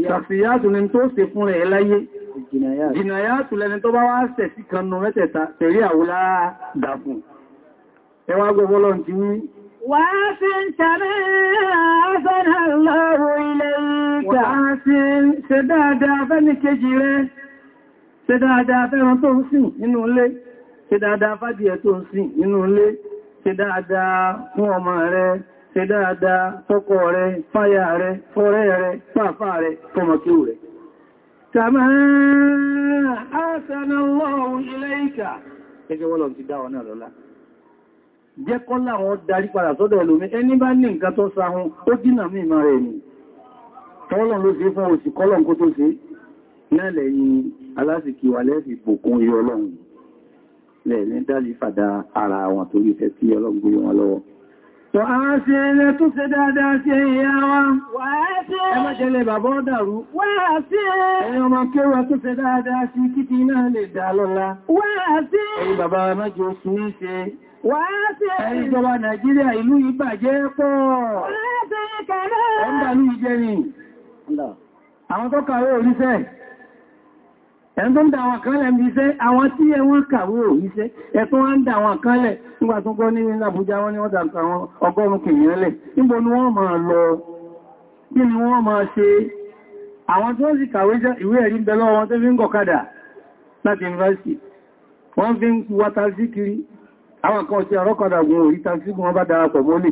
ṣàfihàtù ní tó ṣe fún rẹ̀ láyé jìnàyàtù lẹni tó bá wá ṣẹ̀ sí kanú mẹ́tẹ̀ta tẹ̀rí àwúlá dàfún ẹwà gbogbo ti dáadáa fẹ́ni tó ń sìn nínú ilé, ṣe dáadáa fádìẹ tó ń sìn nínú ilé, ṣe dáadáa fún ọmọ rẹ ṣe dáadáa fọ́kọ rẹ fáyà rẹ fọ́rẹ́ rẹ fàfà rẹ o rẹ kàmà àṣànà lọ́run ilé ìkà gẹ́gẹ́ wọ́n lọ ti dá ọ̀nà lọ́lá jẹ́ kọ́ láwọn darí padà sọ́dọ̀ ẹlòmí ẹni bá ní nǹkan tó sáhun ó dínà mí ìmọ̀ rẹ̀ ni tọ́lọ̀ ló ṣe fún òsì kọ́lọ̀ kó tó ṣe náà lẹ́yìn lẹ́ẹ̀lẹ́ dálì fàdá ara wọn torí ìfẹ́ tí ọlọ́gbé wọn lọ́wọ́. Tọ a ṣe ẹlẹ́ tó ṣe dáadáa ṣe ìyá wa, wà á ṣe ẹmọ́jẹlẹ bàbá ọ̀dàrú, wà á ṣe ẹ̀yìn ọmọ kéwà tó ṣe dáadáa sí títí náà lè dá lọ́la, ẹ̀n tó ń da àwọn àkánlẹ̀ ní iṣẹ́ àwọn tí ẹ wọ́n kàwé ò iṣẹ́ ẹ̀tọ́ wọ́n ń da àwọn àkánlẹ̀ nígbà tó gbọ́ ní Àbújá wọ́n ni wọ́n dàkà àwọn ọgọ́rùn kìíyàn lẹ̀ níbo ni wọ́n máa lọ kí ni wọ́n máa ṣe àwọn tó ń sì kàwé ìwé ẹ̀rí ń bẹ̀lọ́ wọn tó fi ń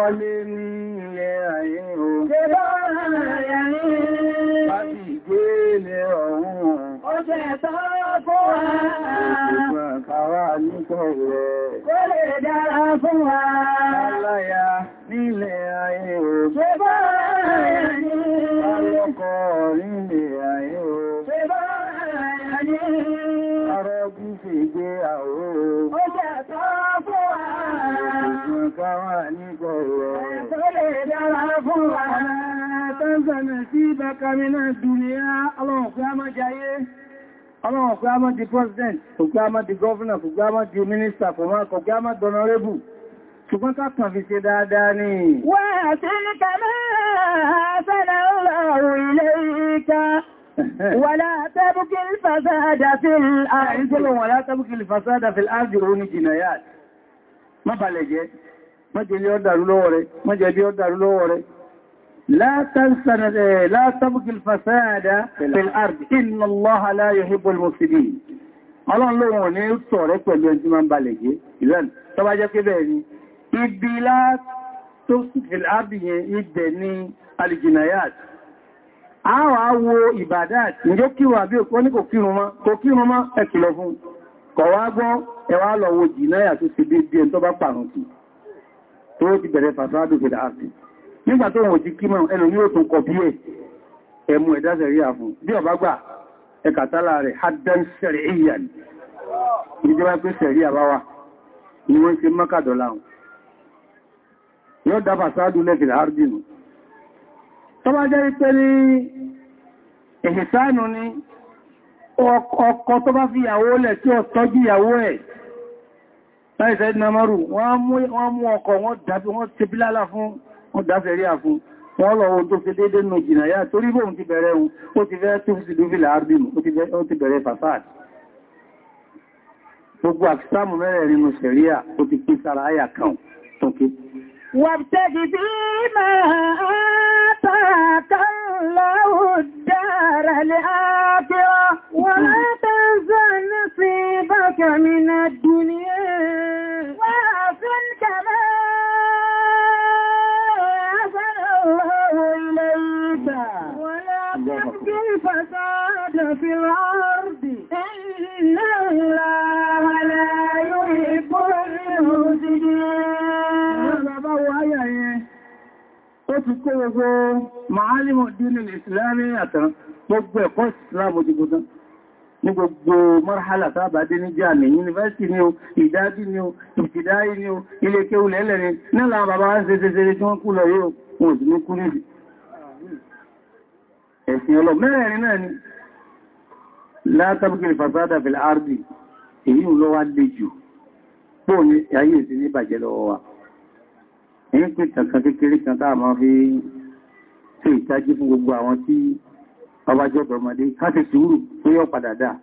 wọlé ní ilẹ̀ ayé o. Ṣé bá ayà ní? Bá ti ilẹ̀ ọ̀hún. Ó ṣẹ̀ tọ́ fún wa. Ìgbà kàwà nípọ̀ rẹ̀. Kó lè dára fún wa. Láláyà nílẹ̀ ayé o. Ṣé bá ayà ní? Bá lọ́kọ̀ nílẹ̀ ayé o. Ṣé bá ayà ní? Arọ́ bí Ẹ̀tọ́lẹ̀ dára fún wa tánzàmì sí ìbákamí náà dùnìyà ọlọ́run fún a máa jayé. Ọlọ́run fún a máa di president, kò gbá máa di governor, kò gbá máa di minister, kò gbá máa di honorable ṣùgbọ́n kápùn fi ṣe dáadáa ní wà tí ní kàmọ́ sọ́nà ọlọ́rùn ilé ìka wà látẹ́bùkìlì mọ́jẹ̀lé ọ̀dàrú lọ́wọ́ rẹ̀ mọ́jẹ̀lé ọ̀dàrú lọ́wọ́ rẹ̀ لا fàṣáàdá pẹ̀lárì inna Allah la yuhibbul mufsidin ọlọ́run lóhun ní tọ̀rẹ pẹ̀lú ẹni tí máa ń balẹ̀ jẹ́ ìlànà tó bá jẹ́ pé bẹ́ẹ̀ ni ibi látó fìlábìyàn ibẹ̀ ni alìjìnàyàt àwà wo ìbàdàt níjó kíwà bí òkú ní kò kírun mọ́ kò kírun mọ́ ẹ̀kìlọ̀ fún kọ̀wàá gbọ́ ẹwà wo jìnàyà ti dé bí ẹni tó bá pàrùn sí tó ti bẹ̀rẹ̀ fàṣádù fèdà àti nígbà tó wọ́n ti kímọ̀ ẹnu yóò tún kọ bí ẹ̀ ẹ̀mù ẹ̀dá sẹ̀ríà fún bí ọba gbà ẹ̀kàtàlà rẹ̀ haddan sẹ̀ríyàn ni wọ́n ṣe mọ́kàdọ̀lá wọn yóò dá fàṣádù lẹ́fẹ̀dà àrùdínù tó bá jẹ́ pé ní ìhìsánù ni ọkọ tó bá fi ìyàwó lẹ̀ láì sẹ́dì na márù wọ́n mú ọkọ̀ wọ́n dábí wọ́n ti bílálà fún wọ́n dáfẹ́ rí àfún wọ́n lọ ohun tó fi dédé nù jìnà yá torí bóhun ti bẹ̀rẹ̀ ohun ó ti fẹ́ tó fi lúfìlà arbimu ó ti bẹ̀rẹ̀ fasad gbogbo àfisáàmù mẹ́rẹ̀ rí mú sẹ̀ríà ó ti pín sára àyà kan tókè wàbtẹ́gì bí máa tààkàlọ́hùn dára lè ákíọ́ wọ́n látàzánà نصيبك من الدنيا وأفنك ما أفن الله إليك ولا تبدي الفساد في الأرض إن الله لا يحب المفسدين Ó ti kó gbogbo Màálìmọ̀ Dínú Ìsìlámi àtàrà gbogbo ẹ̀kọ́ ìsìlámi ojúgbogbo ní gbogbo marhala tàbàdé ní jàmì yúnivẹ́sìtì ni o ìdájí ni o ìtìdáyí ni o ilé kéwù lẹ́lẹ̀ ni nílà bàbá ń ṣe ṣeṣe tí wọ́n kú lọ yóò wọ́n sì ní kú níbi ẹ̀sìn ọlọ mẹ́rin náà ni látàbùkìrì bàbá jọ́dọ̀ ọmọdé káti sùúrù pé yọ padà dáa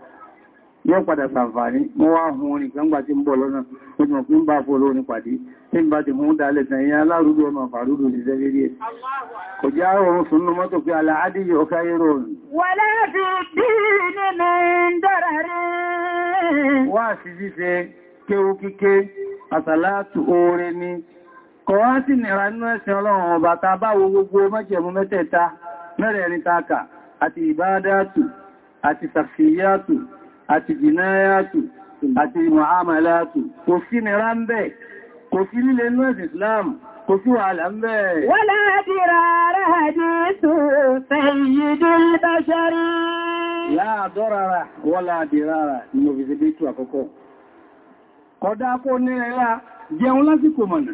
yọ padà sàǹfààní mọ́ wá hun orin gbangba tí ń bọ̀ lọ́nà ìgbìmọ̀ pín bá fún olórin pàdé tí ń bá ti hun dálẹ̀ tàn yẹn alárùdú ọmọ fàrúdù ní sẹ́lérí ẹ̀ kò jẹ́ àrùn súnnú mọ́tò pé alá adìyẹ ọkà yẹ́rọ òun wá sí ṣíṣe kéwú kíké àsàlátù oore ni kọ̀ nìra nínú ẹ̀sìn ọlọ́run ọba ta báwo gbogbo mẹ́jẹ̀mú mẹ́tẹ̀ẹ̀ta mẹ́rẹ̀ẹ̀rin ta kà àti ìbádátù àti tàfíyàtù àti jìnáyàtù àti muamalatu kò sí nira ń bẹ̀ kò sí líle inú Islam kò sí wàhálà ń bẹ̀ wọ́n láti rárá Jésù sayyidul bashari láàdọ́rara wọ́n láàdìrára ni mo fi ṣe bí tú àkọ́kọ́ kódà kó ní ẹ̀lá jẹun lásìkò mọ̀nà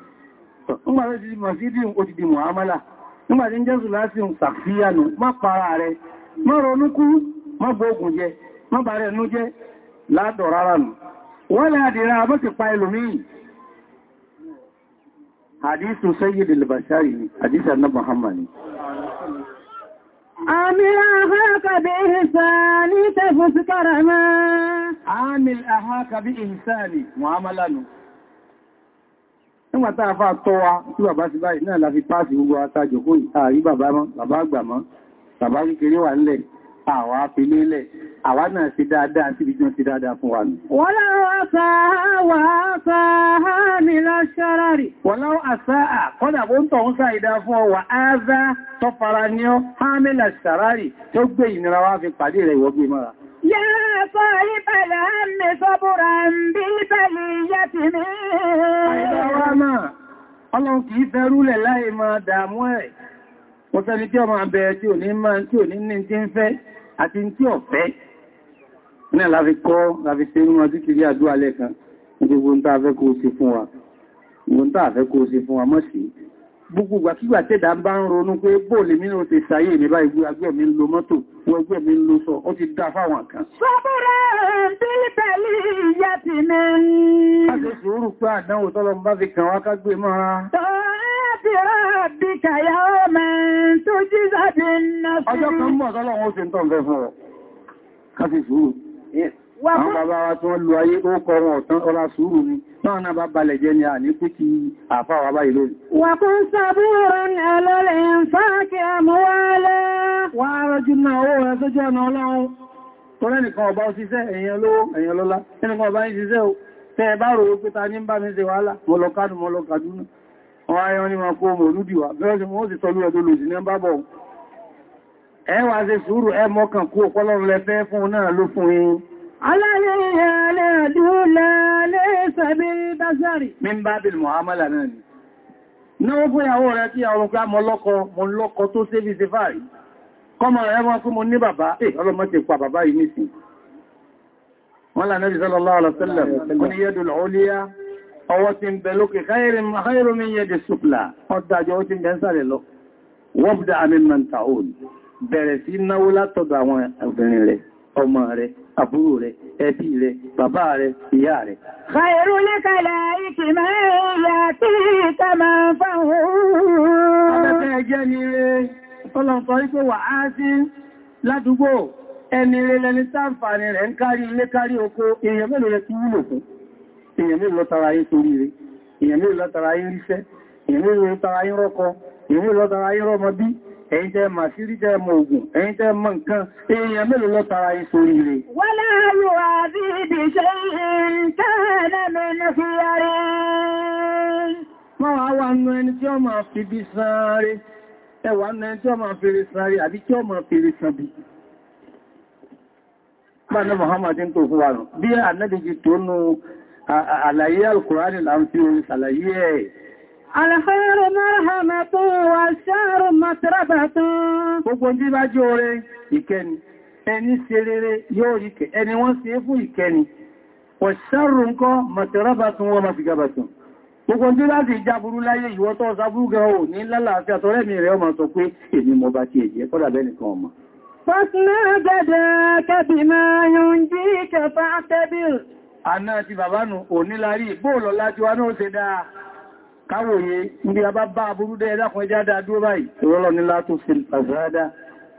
nígbàtí ti masidi o ti di mu'amala nígbàtí ń jẹ́sù láti ń sàfíyànù má para rẹ̀ má ronúkú má bóògùn jẹ má bà rẹ̀ nú jẹ́ ládọ̀ rárá nù wọ́n lè àdìrà bó ti pa ẹlòmíì hadithu sayyidil عامل أهاك بإحسان تفسك رحمة عامل أهاك بإحسان معاملانه nígbàtá àfá tọ́ wa tí bàbá ti báyìí náà láti páàsì gbogbo àtàjòkó àrí bàbá mọ́ bàbá àgbà mọ́ bàbá kékeré wà nílẹ̀ àwa fìlélẹ̀ àwa náà ṣe dáadáa sí ibi jọ́n ṣe dáadáa fún wa nù. wọ́n láwọ́ àṣáà wà áṣáà ní láṣárárì. wọ́n láwọ́ àṣáà kọ́dà bó ń tọ̀ ń sáìdá fún ọwà áázá يا صاحب الهم صبرا بتلية منه Ọlọ́run kìí fẹ́rúlẹ̀ láì máa dàmú ẹ̀. Mo sẹ́ni tí ọmọ abẹ́ tí ò ní máa tí ò ní ní tí ń fẹ́ àti tí ò fẹ́. Náà láfi kọ́ láfi ṣe ní ọdún kìí àdúwà lẹ́kan, gbogbo ń tàà fẹ́ kó sí fún wa gbogbo ìgbàkígbà tẹ́dà bá ń ronú pé bóòlè mínú ti sàyè ní báyìí gbé agbẹ́ mi ń lo mọ́tò wọ ẹgbẹ́ mi ń lo sọ ó ti dá fáwọn kan. sọ́kúrẹ́ bílítẹ̀lì ìyá ti ní. a ṣe sùúrù pé àdánwò tọ́lọ bá fi kàn wá kágbé mọ́ra. ọjọ́ kan mọ̀ tọ́lọ wọn ó ṣe ń tọ́ àwọn bàbá wa tí wọ́n lo ayé ó kọ wọn ọ̀tán ọlá sùúrù ni náà náà bá balẹ̀ jẹ́ ni àní pé kí àfá wa báyìí lónìí. wà kún sàbúrún alọ́lẹ̀ ń fáàkì àmúwálẹ̀ wà rọ́jú náà owó rẹ̀ sójú ọ̀nà ọlọ́run tọ́rẹ́ nìkan ọba o tẹ́ ẹ bá rò ó pé ta ní ń bá mi ṣe wàhálà mo lọ kánù mo lọ kàdúnà kú ọpọlọ́run lẹ fẹ́ fún náà ló fún yín alálẹ́yàlẹ́ àdúlá lẹ́sẹ̀bí dásárì mímbá bí mọ̀hámàlà náà ni náà fún ìyàwó rẹ̀ tí àwọn ọmọkà mọ́ lọ́kọ mọ́ lọ́kọ tó sébí sí fàárí kọmọ rẹ̀ wọ́n fún mo ní bàbá ọlọ́mọ ti pa bàbá yìí nìsìn wọ́n lá Nábì sallallahu alaihi wasallam wọ́n ní yadul ulya ọwọ́ tí ń bẹ lókè khairu min yadi ọdájọ́ ti bẹ ń lọ àbúrò rẹ̀ ẹbí rẹ̀ bàbá rẹ̀ ìyá rẹ̀ Fàìrú lékàlà ìkì máa yà tí ìta máa fáwọn ọ̀rọ̀ ẹjẹ́ ni rẹ̀ ọlọ́pọ̀ wípé wà á sí ládùúgbò ẹni rẹ̀ lẹni sáǹfààní rẹ̀ ń kárí ilé kárí oko èèyàn mélòó rẹ̀ ti wúlò fún èèyàn mélòó lọ́tara ayé ẹ̀yin tẹ́ mà sírí tẹ́ mọ ògùn ẹ̀yin tẹ́ mọ nǹkan èèyàn mélòó lọ tara yín sórí rẹ̀ wọ́lá ayò àti ìdíṣẹ́ ìrìnkẹ́ Báni Muhammad ń tó fún wa nù, bí ànẹ́dìjì tó nù àlàyé Àlàfẹ́rẹ́ márùn-ún tó wà ṣáàrùn mọ́tàràbà tán. Gbogbo jí bá jí oore ìkẹni, ẹni ṣe rere yóò rí kẹ, ẹni wọ́n ṣe fún ìkẹni. Wọ̀ṣáàrùn ńkọ́ mọ̀tàràbà tún wọ́n máa fi gaba tún. Gbogbo jí láti ìjáburú láyé ìwọ́ tó sábúrú ò ní lálàáfíà tọ́rẹ́ mi rẹ̀ náà ṣe dáa káwòye ní abá bá aburú dẹ́ ẹ̀dàkùn ẹjá dáadúró báyìí rọ́lọ̀ nílá tó fi àzádá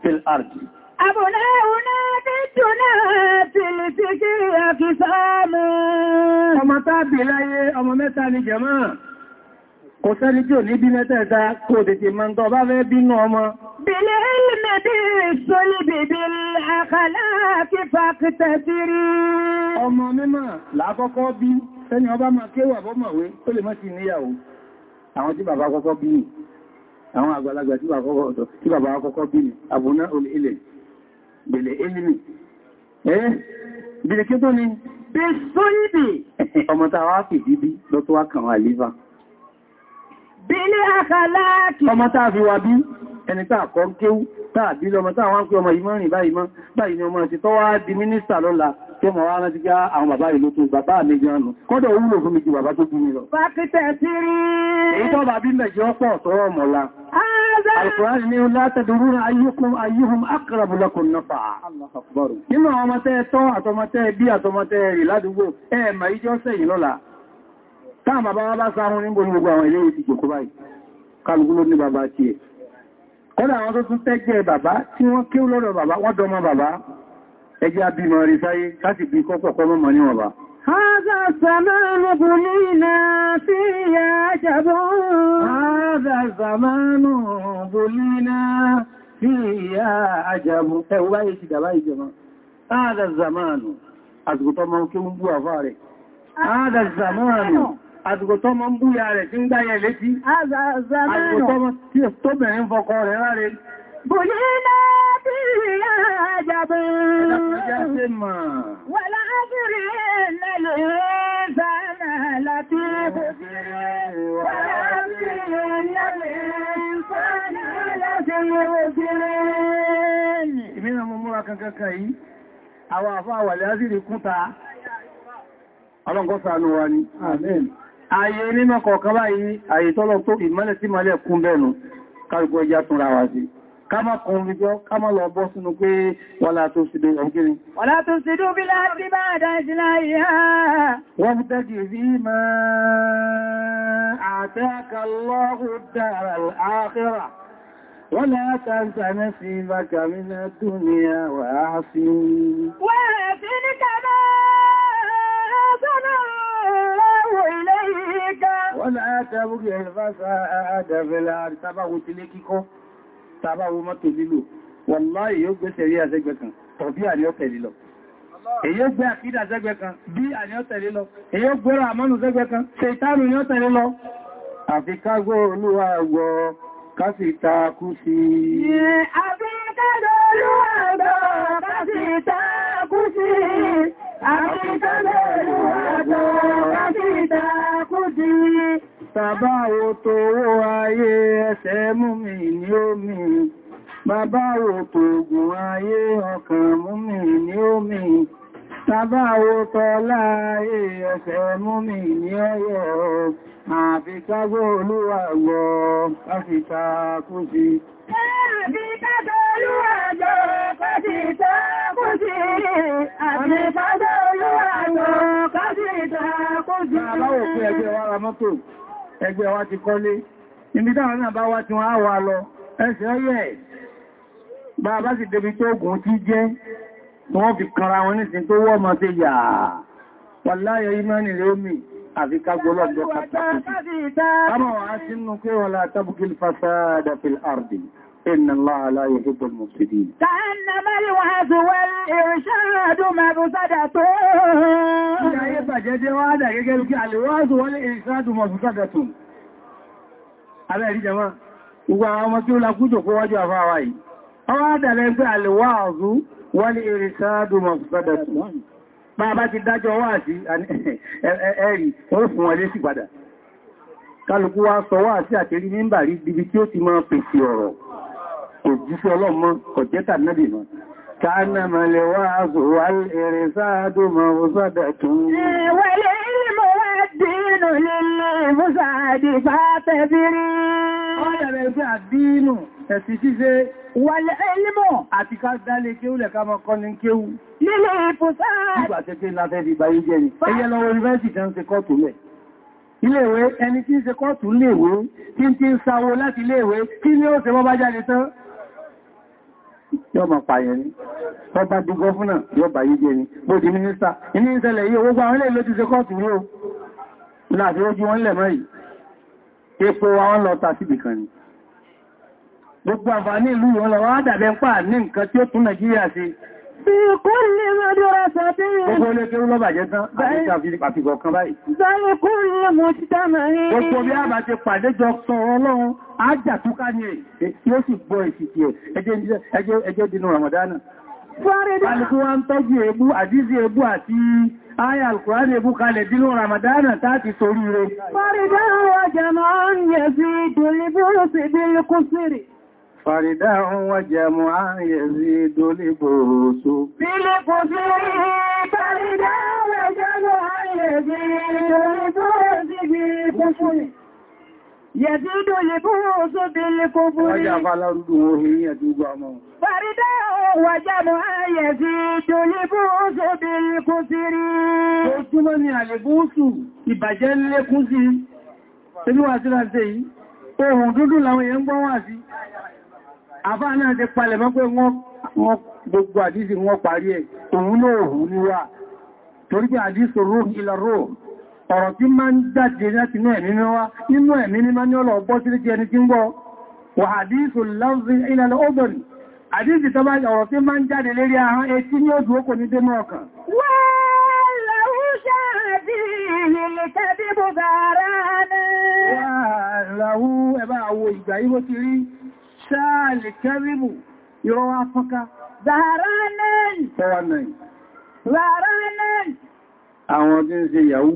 fil ardi. Àbùnáhùná dídùná tìlì sí kí àkìsáàmù. Ọmọ tábì láyé ọmọ mẹ́ta ni jẹ̀mọ́. Kò sẹ́ni tí ọmọ. mímọ̀ làákọ́kọ́ bí, sẹ́ni ọba máa kéwà bọ́mọ̀wé tó lè mọ́ sí níyàwó àwọn tí bàbá kọ́kọ́ bí ní àwọn àgbàlagbà tí bàbá kọ́kọ́ bí ní àbúná olè bèlè elimi ẹ́ bèlè kí tó ní bí sóyìdì ọmọ tàwà fi bíbí lọ́tọ́ wá kàn wà lífà bèlè àkàláàkì ọmọ tàà fi wà bí ẹni tàà kọ́ kéwú tàà bí lọmọ tàà wá tí mọ̀ wá rántí já àwọn bàbá ìlú tó bàbá méjì ọ̀nà kọ́dọ̀ wúlò fún mi ju bàbá tó bí mi lọ. Fákítẹ̀ sí rí. Èyí tó bàbí mẹ̀jì ọ̀pọ̀ tọrọ mọ̀lá. Alkùnrin ni la taduruna ayyukum ayyuhum aqrabu lakum nafa'a. Nínú àwọn ọmọtẹ́ tọ́ àtọmọtẹ́ bí àtọmọtẹ́ rì ládùúgbò ẹ̀ mà ìjọ sẹ́yìn lọ́la. Táà bàbá wá bá sáhún níbo ní gbogbo àwọn ilé ìtìjòkó báyìí. Kálukú ló ní bàbá tiẹ̀. Kọ́dà àwọn tó tún tẹ́jẹ́ bàbá tí wọ́n kí lọ́dọ̀ bàbá, wọ́n dọmọ bàbá ẹjẹ́ àbímọ̀ rí sáyé láti bí kọ́pọ̀ kọ́mọ́ mọ̀ níwọ̀n bá. Hádà zàmánù bùlínà sí ìyá àjàbọ̀. Hádà zàmánù bùlínà sí ìyá àjàbọ̀. Ẹwú báyé ti dàbá ìjọba. Hádà zàmánù, àtùkùtọ́ mọ́ kí ń bú àfá rẹ̀. Hádà zàmánù, àtùkùtọ́ ya rẹ̀ tí ń gbáyẹ̀ létí. Hádà zàmánù, àtùkùtọ́ mọ́ Bùlí láti àjàbẹ̀. Ẹ̀dàkọ̀já sí mọ̀. Wà láàbìrì lẹ́lò ìrẹ́sànà láti bùbí. Wà láàbìrì lẹ́lò ìrẹ́sànà láti bùbí. Ìmìnà mú múra kankankan yìí, àwọn àfá wà lásìrì kúta. Ọlọ́nkọ́ ṣàánú wa ni. Amen. Ayé nínú kọ̀ọ̀kan báyìí, ayé tọ́lọ tó ìmọ́lẹ̀ sí mọ́lẹ̀ kún bẹ̀nu, kálùkù ẹjá túnra wa sí kámá kan ríjọ́ kámá lọ bọ́ sínú pé wọ́lá tó ṣe bèèrè ọ̀gírin. wọ́lá tó ṣe dó bí láti bá àdá ìṣìlá ìhá wọ́n fi tẹ́kì rí máa àtẹ́kà lọ́rù dára àkírà ولا تنس نصيبك من الدنيا وأحسن tàbá wo mọ́tò lílò wàláhì yóò gbé sẹ̀rí àṣẹ́gbẹ̀ kan tọ̀bí àríọ́tẹ̀ lílọ èyí ó gbé àkídà sẹ́gbẹ̀ kan bí àríọ́tẹ̀ lílọ èyí ó gbéra àmọ́nù sẹ́gbẹ̀ kan ṣe ìtàrù ní ọ̀tẹ̀ lílọ Bàbá wo tó owó ayé ẹsẹ̀ mú mi ní omi. Bàbá wo tó ògùn ayé ọkàn mú mi ní omi. Bàbá wo tọ́lá ayé ẹsẹ̀ mú mi ní ọyọ̀. Àfi kágbó olúwa gbọ́, káfíta kú sí. Àfi kágbó olúwa gbọ́, kú sí. Àfi kágbó olúwa gbọ́, kú sí. Bàbá fún ẹgbẹ́ wára mọ́tò ẹgbẹ́ wa ti kọ́lé ibi táwọn náà bá wá tí wọ́n á wà lọ ẹsẹ̀ ọyẹ́ bá bá sì débi tó gùn tí jẹ́ wọ́n fi kanra wọn nísìn tó wọ́ mọ́ sí yà wà láyé imani lómi àfi kagbọ́lọ́gbọ́ kàtàkì إن الله لا يحب المفسدين كأنما الوعد والإرشاد مفسدة كيف جدوانا يقولك الوعد والإرشاد مفسدة على هذه جماعة Gbogbo àwọn ọmọ tí ó lakújò kó wájú àfáwà yìí. Ọwọ́ àdàlẹ́ pé àlèwáàzú wọ́n lè èrè sáàdù mọ̀sùsọ́dọ̀ tí. Máa bá ti dájọ́ wá sí ẹ̀rì ó fún ọlé sí padà. Kálukú wá sọ wá sí àtẹ́rí nímbàrí ibi tí ó ti máa pèsè ọ̀rọ̀ kò jíṣẹ́ ọlọ́mọ kò jẹ́ta nábì mọ́ كان الوعظ والإرساد موصدة والعلم والدين للمساعد فاعتبر هذا بيقول الدين ẹ̀sìṣíṣe wọlé ẹlìmọ̀ àti ká dálé kéwú lẹ̀ ká mọ́ kọ́ ní kéwú nílé ìpùsá ìgbà tẹ́tẹ́ láfẹ́ iléèwé ẹni tí ń ṣe kọ́ọ̀tù léèwé tí ń ti ń sáwó láti léèwé kí ni ó ṣe wọ́n bá jáde tán yóò máa pààyàn ní ọba di gọ́fúnà yóò bá yí jẹ́ ni bó di mínísítà inú ìṣẹ̀lẹ̀ yìí owó gba àwọn ilé ìlú ti ṣe kọ́ọ̀tù ní o láti ojú wọn lẹ̀ mọ́yìí epo àwọn lọ ta síbì kan ni gbogbo àǹfààní ìlú yóò lọ wá dàbẹ́ ń pà ní nǹkan tí ó tún Nàìjíríà sí Gbogbo olè kí ó lọ́bà jẹ́ tán, àti ìṣàfihàn ájàtúká ní ẹ̀ tí ó sì gbọ́ ìsìtì ẹ̀ ẹjẹ́ dínú ramadana alùkú wa ń tọ́jú ebú àdízi ebú àti ayà alùkùránì ebú kalẹ̀ dínú ramadana táti sórí rẹ̀ faridáhùn wa jama'an yazidu li burusi bil kusri faridáhùn wa Yẹ̀dúdó lè fún òṣòbí lè kó fún ní. Ọjà bá lárúdù wọ́n rí ẹ̀dúgbà mọ́. Fàrídá wàjá mọ́ ayẹ̀dúdó lè fún òṣòbí lè kó sí rí. Ó túnmọ́ ni àlègúnsù ìbàjẹ́ lékún sí. Inú wà síra ṣe yìí, ohun dúdú làwọn èèyàn sí ọ̀rọ̀ tí máa ń jáde láti inú ẹ̀mí níwá inú ẹ̀mí ní máa ní ọlọ̀ ọgbọ́ sí léjì ẹni tí ń gbọ́ wà àdíṣù láwùsí ilẹ̀ ọgbọ̀n àdíṣì tó bá ọ̀rọ̀ tí máa ń jáde lérí ahọ́n etí ní oṣù okò ní démọ́ ọkàn Àwọn tí ń ṣe Yahoo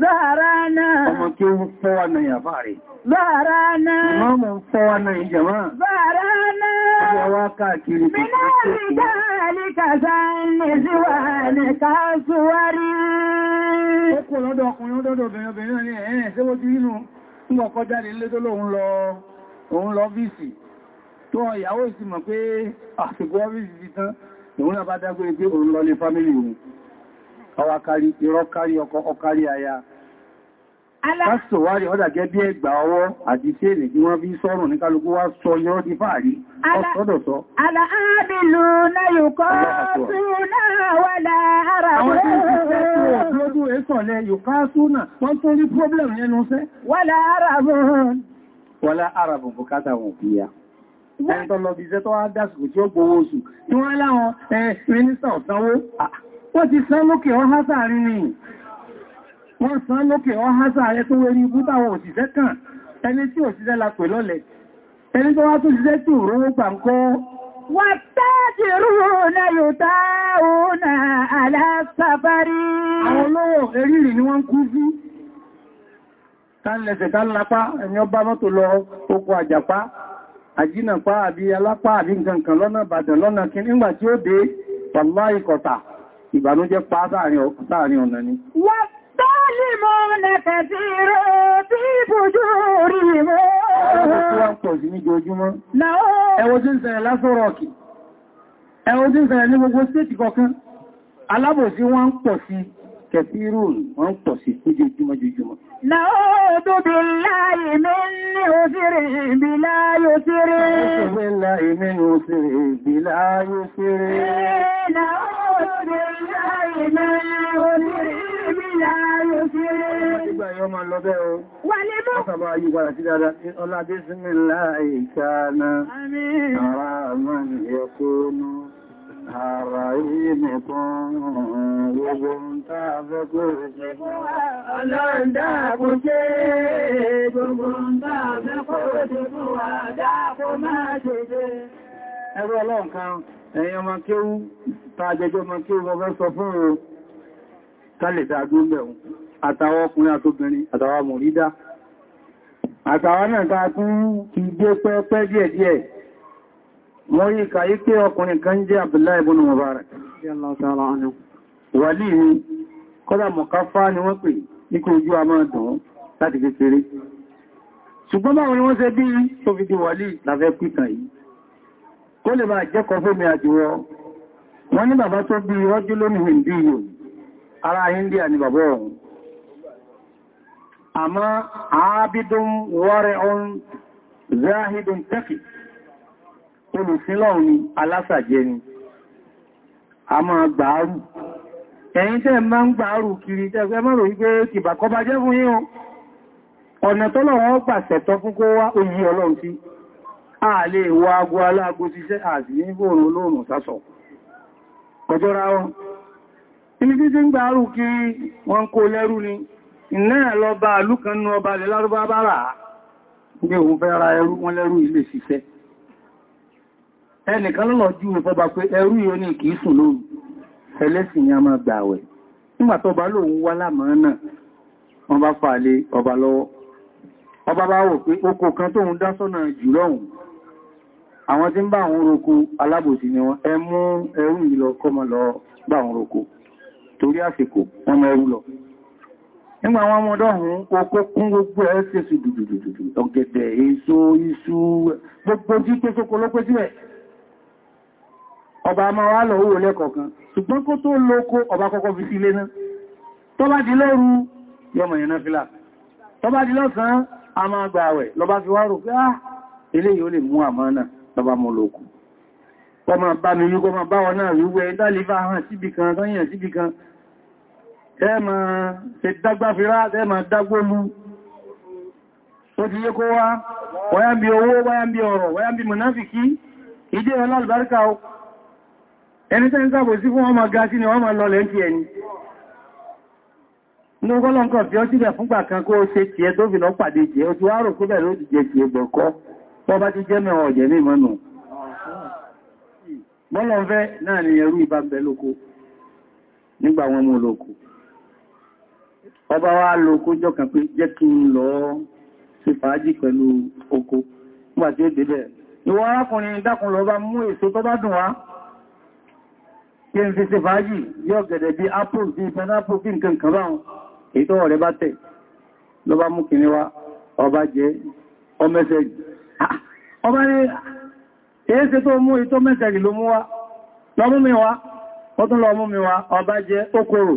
Zahrana. Ọmọ kí ó fọ́ wà náà yàfà rẹ̀. Zahrana. Mọ́mọ̀ fọ́ wà náà ìjàmá. Zahrana. Ọjọ́ wá káàkiri. Mínà ìjà àlìkàzá ní síwà ní káàsùwárí. Ó kò lọ́dọ̀ ọkùnrin lọ́dọ̀ obìnrin obìnrin ní ẹ̀ẹ́ ṣe ó ti rínú ń ọkọ̀ jáde lé tó lóun ọwà kárí irọ́ kárí ọkọ ọkárí aya pásítọ̀ wá rí ọdà gẹ́ bí ẹgbà ọwọ́ àti fèrè tí wọ́n fi sọ́rùn ní kálukú wá sọ yọ́ di fàárí ọ̀sọ́dọ̀sọ́ aláàbìlú náyùkọ́ súnà wàlá ara wọ́n tí ó ti tẹ́kùn ọ̀tọ́dún ẹ̀sọ̀lẹ̀ yùká súnà wọ́n tó rí problem nínú sẹ́ wàlá ara wọ́n ara bùkátà wọn fìyà ẹni tó lọ bí iṣẹ́ tó wá dásìkò tí ó gbowó oṣù tí wọ́n láwọn ẹ̀ mínísítà ọ̀sánwó wọ́n ti sán lókè wọ́n há sáàrin ni wọ́n sán lókè wọ́n há sáàrin tó wé ní gútàwọn òṣìṣẹ́ kan ẹni tí òṣìṣẹ́ la pè lọ́lẹ̀ ẹni tó wá tó ṣiṣẹ́ tí òróró gbà ń kọ́ wàtàjìrúnà yòtáhùnà ni wọ́n kú sí tánlẹ̀sẹ̀ tánlápá ẹni ọba mọ́tò lọ oko àjàpá àjínàpá àbí alápá àbí nǹkan kan lọ́nà Ìbàdàn lọ́nà kí nígbà tí ó ìbànújẹ́ pa sáàrin ọ̀nà ni Tọ́límọ́nà kẹsìrò tí ìbùjú rí mọ́. Ẹwọ́n tí wọ́n pọ̀ sí ní jojúmọ́. Ẹwọ́n tí ń ṣẹlẹ̀ lásọ́rọ̀ ọ̀kì. Ẹwọ́n tí ń ṣẹlẹ̀ ní gbogbo stéètì kọ̀ọ̀kan. Alábòsí wọ́n pọ̀ sí kẹsìrò wọ́n pọ̀ sí fún jojúmọ́ jojúmọ́. نعوذ بالله من يسر بلا يسر نعوذ بالله من يسر بلا يسر نعوذ بالله من يسر بلا يسر Ìgbà ara yìí nìkan gbogbo ń táa fẹ́ kó ṣe fún wa ọlọ́run dáàkú ṣe gbogbo ń táa fẹ́ kó ṣe fún wa dáàkú máa ṣe ṣe ẹgbẹ́ ọlọ́run kan ẹ̀yìn ọmọ kéwú tààjẹjọ́ o tálẹ̀ dáadú mẹ́un àtàwọn ọkùnrin àtobìnrin àtàwọn mùrídá àtàwọn náà ta tún ti gbé pẹ́pẹ́ díẹ̀díẹ̀ wọ́n yí kàyí ọkùnrin kan jẹ́ Abdullahi ibn Mubarak wàlí ni kọ́dà mọ̀káfá ni wọ́n pè ní ojú ṣùgbọ́n wọ́n ṣe bí tó fi di láfẹ́ pìtàn yìí kó lè máa fún mi wọ́n ní bàbá tó bí rọ́jú lónìí olùsílọ́run ni alásàjẹ́ ni a máa gbàárù ẹ̀yin tẹ́ máa ń gbàárù kiri tẹ́gbẹ́ mọ́rọ̀ wípé kìbàkọ́ bá jẹ́ fún yín o ọ̀nà tọ́lọ̀wọ́ pàṣẹ̀tọ́ fún kó wá oyí ọlọ́run sí a lè wọ ago alágo ti ń ni ìnáà lọ bá alúkanú ọba lè lárúbá bára ní òun fẹ́ ẹnìkan lọ́lọ́ jú ìfọba pé ẹrú yóò ní kìí sùn lóòrù ẹlẹ́sìn ni a máa gbà wẹ̀ nígbà tó bá lóòun wá lámàá náà wọ́n bá ọba lọ́wọ́ ọba bá wò pé oko kan tóhun dá sọ́nà jù àwọn tí ń bá àwọn roko alábòsí ni wọ́n ẹrú ọba a máa wá lọ owó lẹ́kọ̀ọ̀kan ṣùgbọ́n kó tó lóko ọba kọ́kọ́ fi sílé náà tó bá di lóru yọmọ ìrìnà fílà tó bá di lọ́sàn a máa gba àwẹ̀ lọba fi wá rò pé ah ilé yóò lè mú àmọ́ náà lọba mọ́ lóko wọ́n máa bá mi wíkọ́ máa bá wọn náà ìdí ọlá àlùbáríkà ẹni tẹ́ ń sáàbò sí fún ọmọ ga sí ni wọ́n máa lọlẹ̀ ń ti ẹni ní ọgọ́lọ́nkọ̀ tí ó síbẹ̀ fúngbà kan kó ṣe tí ẹ tó fi lọ pàdé jẹ́ o ti wá rò pẹ́bẹ̀ ló ti jẹ tí ẹ tó bá ti jẹ́ mẹ́wọ̀n ọ̀jẹ̀ ni ẹrú ibà bẹ lóko nígbà wọn mú lóko ọba wá lóko oko nígbà tí ó débẹ̀ ìwọ arákùnrin dákun lọ bá mú èso tó bá dùn wá kí n fi ṣe fàájì yóò gẹ̀dẹ̀ bí apple bí pineapple kí nǹkan kan báhùn ètò ọ̀rẹ́ bá tẹ̀ ló bá mú kìíní wá ọba jẹ́ ọmẹsẹ̀gì ah, ọba ní èéṣe tó mú ètò mẹ́sẹ̀gì ló mú wá lọ́mú mi wá ó tún lọ́mú mi wá ọba jẹ́ okoro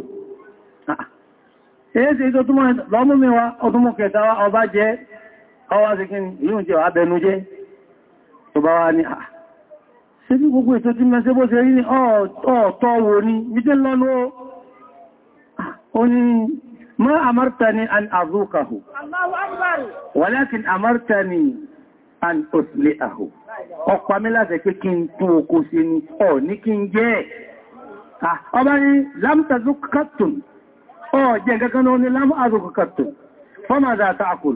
èéṣe ah, tó túnmọ̀ ni ṣe bí gbogbo ètò tí mẹ́sẹ́ bó ṣe rí ní ọ̀ọ̀tọ́ wo ní mídé lọ́nà ó ní ma amartani an azukahu walakin amartani an usli'ahu ọpa mi láti pé kí n tún oko ṣe ni ọ̀ ní kí n jẹ́ ọba ni lámtàzúkàtùn ọ̀ jẹ́ gẹ́gẹ́ ní lámtàzúkàtùn fọ́mà dáa ta àkùn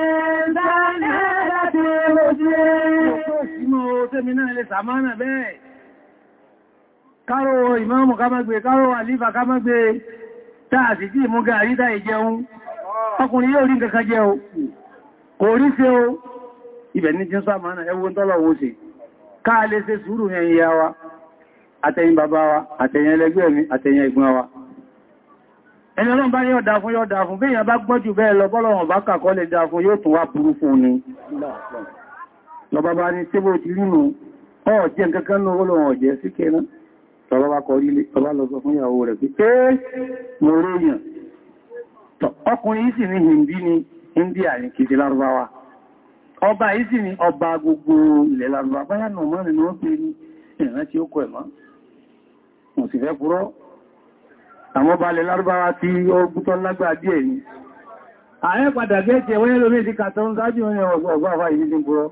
kémi náà lè sàmánà bẹ́ẹ̀ káró ìmáàmù ká máa gbé káró àlífà ká máa gbé táà sì tí ìmú gàrí táà ìjẹun ọkùnrin yóò rí nǹkan jẹ́ o kò rí sí o ibẹ̀ ní jínsá máa náà ẹwọ́n tọ́lọ̀wọ́ sí káà lè ṣe sùúrù yẹn ìyá wa àtẹ̀yìn bàbá wa àtẹ̀yìn ẹlẹgbẹ́ mi àtẹ̀yìn ẹ̀gbọ́n wa ẹni ọlọ́run bá ní ọ̀dá fún yọ́ dá fún bí èèyàn bá lọba bá ní síbò ti rí nù ọ́ jẹ́ nǹkankan ní owó lọ́wọ́ jẹ́ sí kẹ́nà lọba bá kọ rílé lọba lọ sọ fún ìyàwó rẹ̀ pé mo ròyìn ọkùnrin yìí sì ní hindi ni india ní kìí lárúbáwá ọba yìí sì ní ọba gbogbo ilẹ̀ lárúbáwá báyá nù mọ́ nínú ó pè ní ìrìnà tí ó kọ ẹ̀mọ́ mo sì fẹ́ purọ́ àwọn ọba ilẹ̀ lárúbáwá tí ó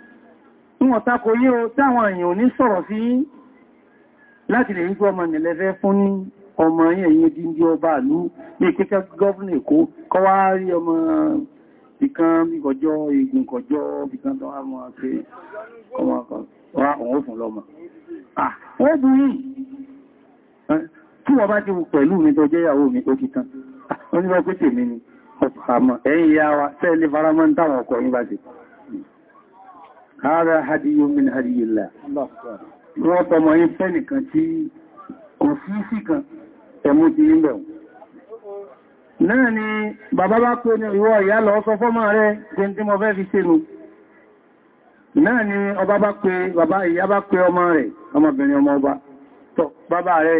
níwọ̀n tako yí o táwọn èèyàn ní sọ̀rọ̀ sí láti lè rígbọ́ ọmọ nìlẹ́fẹ́ fún ní ọmọ yẹ̀yẹ́ díndí ọba ìlú ní ìpínlẹ̀ gọ́ọ̀nà èkó kọ́ wá rí ọmọ ìkan ìkọjọ́ igun kọjọ́ ìkan tó wá mọ́ pé ọmọ ọkọ̀ wá òun ó fún lọ́mọ tí wọ́n wa tẹ́lẹ̀ Hádá hadiyu min hadiyillah. Wọ́n tọmọ yí fẹ́ nìkan tí kò sí sí kan ẹ̀mú ti ń bẹ̀rù. Náà ni bàbá bá pé ní ìwọ ìyá lọ sọ fọ́mọ rẹ̀ jẹ́ tí fẹ́ fi ṣe Náà ni ọba bá pé bàbá ìyá bá pé ọmọ rẹ̀ ọmọbìnrin ọmọ ọba. Tọ́ bàbá rẹ̀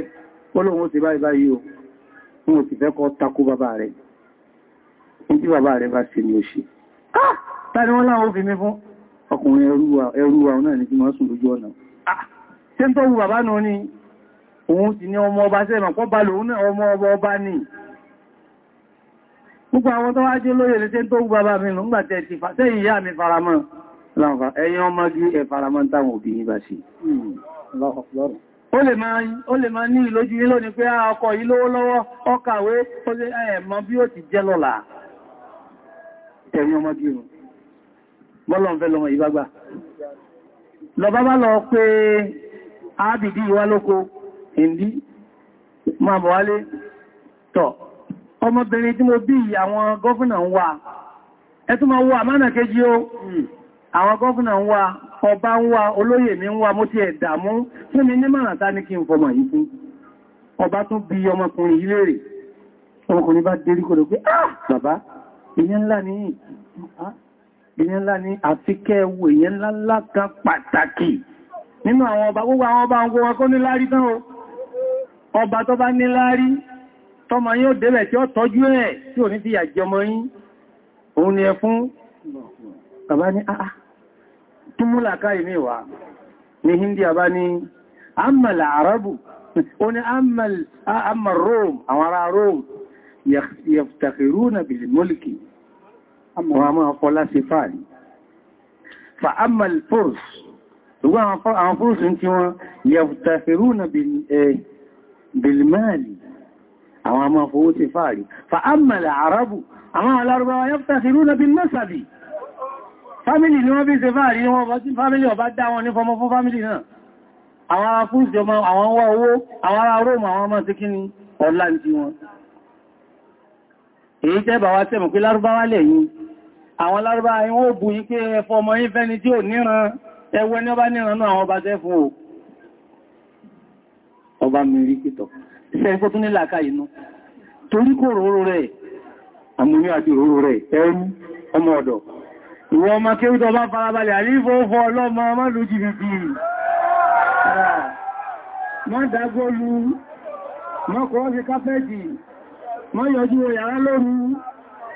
olóhun ti báyìí báyìí o, wọn ò sì fẹ́ kọ́ takú bàbá rẹ̀. Ní tí bàbá rẹ̀ bá ṣe ni ó ṣe. Ah! Tani wọ́n láwọn ó fi mí fún? ọkùnrin ẹrú wa náà ní kí máa sùn lójú ọ̀nà ah, ṣe ń tọ́wù bàbá náà ni òun ti ní ọmọ ọba sẹ́mà pọ́ bá lòun náà ọmọ ọba ọba ní púpọ̀ àwọn tó wá jẹ́ lóyè lè ṣe ń tọ́wù bàbá mi nù ńgbàtẹ̀ ti fàṣẹ́ ìyá mi faramọ́ ẹ̀yìn ọmọ gí ẹ faramọ́ táwọn òbí yín bá ṣe hmm. ó lè máa ní ìlójú ah, bí ó ti bọ́lọ̀ ń fẹ́ lọmọ ìbágbà lọba bá lọ pé ábìdí ìwá lóko ìndí máa bọ̀ wálé tọ̀ ọmọbìnrin tí mo bí àwọn gọ́fúnà ń wà ẹtún ma wà mánà kejì ó àwọn gọ́fúnà ń wà ọba ń wà olóyè mi ń wà mo ti ẹ̀dàmú fún mi ní mọ̀ràn tá ní kí n fọmọ yìí fún ọba tún bí ọmọkùnrin yìí léèrè ọmọkùnrin bá dérí kò pé ah bàbá ìyẹn ńlá ni yìí ìyẹn ńlá ní àti kẹwò ìyẹn ńlá ńlá kan pàtàkì nínú àwọn ọba gbogbo àwọn ọba ọgbọ́ wọn kó ní lárí tán o ọba tó bá ní lárí tọ́mọ yóò délẹ̀ tí ó tọ́jú ẹ̀ tí ò ní ti yà jọmọ yín òun ni ẹ fún bàbá ní àà túnmúlà káì ní ìwà ní hindi àbá ní àmàlà àrábù ó ní àmàlà rome àmọ̀wà máa kọ́ láti fààrí fa amal furs ṣùgbọ́n àwọn furs ń tí wọ́n yaftakhiruna bilmali e, àwọn máa fowó ti fààrí fa amal arabu àwọn alárùbáwà yaftakhiruna bilnasabi fámílì ni wọ́n bí ṣe fààrí wọn bá sí fámílì ọba dá wọn ní fọmọ fún fámílì náà àwọn ará àwọn lárúbá ìwọ̀n òbù yí pé ẹfọ ọmọ yí fẹ́ni tí ò níran ẹwọ ẹni ọba níran náà àwọn ọba tẹ́ fún o ọba mìírí pìtọ̀ iṣẹ́ ikú tún nílàkà inú torí kò róró rẹ̀ àmúrí àti róró rẹ̀ ẹrú ọmọ ọ̀dọ̀ ìwọ̀n ọmọ kéwútọ̀ bá farabalẹ̀ àrífọ́fọ́ ọlọ́mọ ọmọ ló jìbìtì mọ́ dágbólu mọ́ kọ́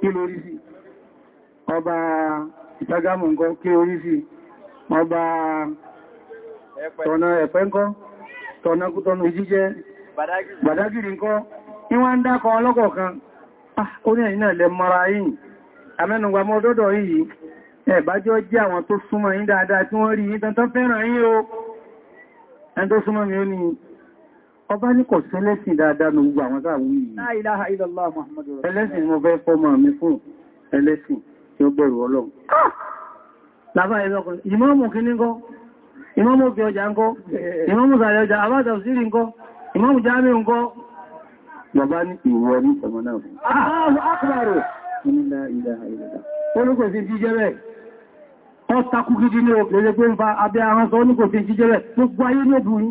kí lórí sí ọba ìtagámù nǹkan kí orí sí ọba tọ̀nà ẹ̀pẹ́ ńkọ́ tọ̀nà tọ̀nà ìjíjẹ́ gbàdágìrì ńkọ́ ọlọ́kọ̀ọ̀kan ah, ní ẹ̀yìn náà mara yìí ọba ní kò sí ẹlẹ́sìn dáadáa ní gbogbo àwọn sáàwú yìí ẹlẹ́sìn mo fẹ́ fọ́mọ mi fún ẹlẹ́sìn tí ó bẹ̀rù ọlọ́run lábá ẹlọ́kùnrin ìmọ́mù kí ní kọ́ ìmọ́mù fi ọjà ń kọ́ ìmọ́mù sàrẹ ọjà àbájọ sírí ń kọ́ ìmọ́mù jámẹ́ ń kọ́ bàbá ní ìwọ olùkò sí jíjẹ́ rẹ̀ ọ́ takú gidi ní òkèlè pé ń fa abẹ́ ahọ́n sọ sí jíjẹ́ rẹ̀ gbogbo ayé ní òbúrú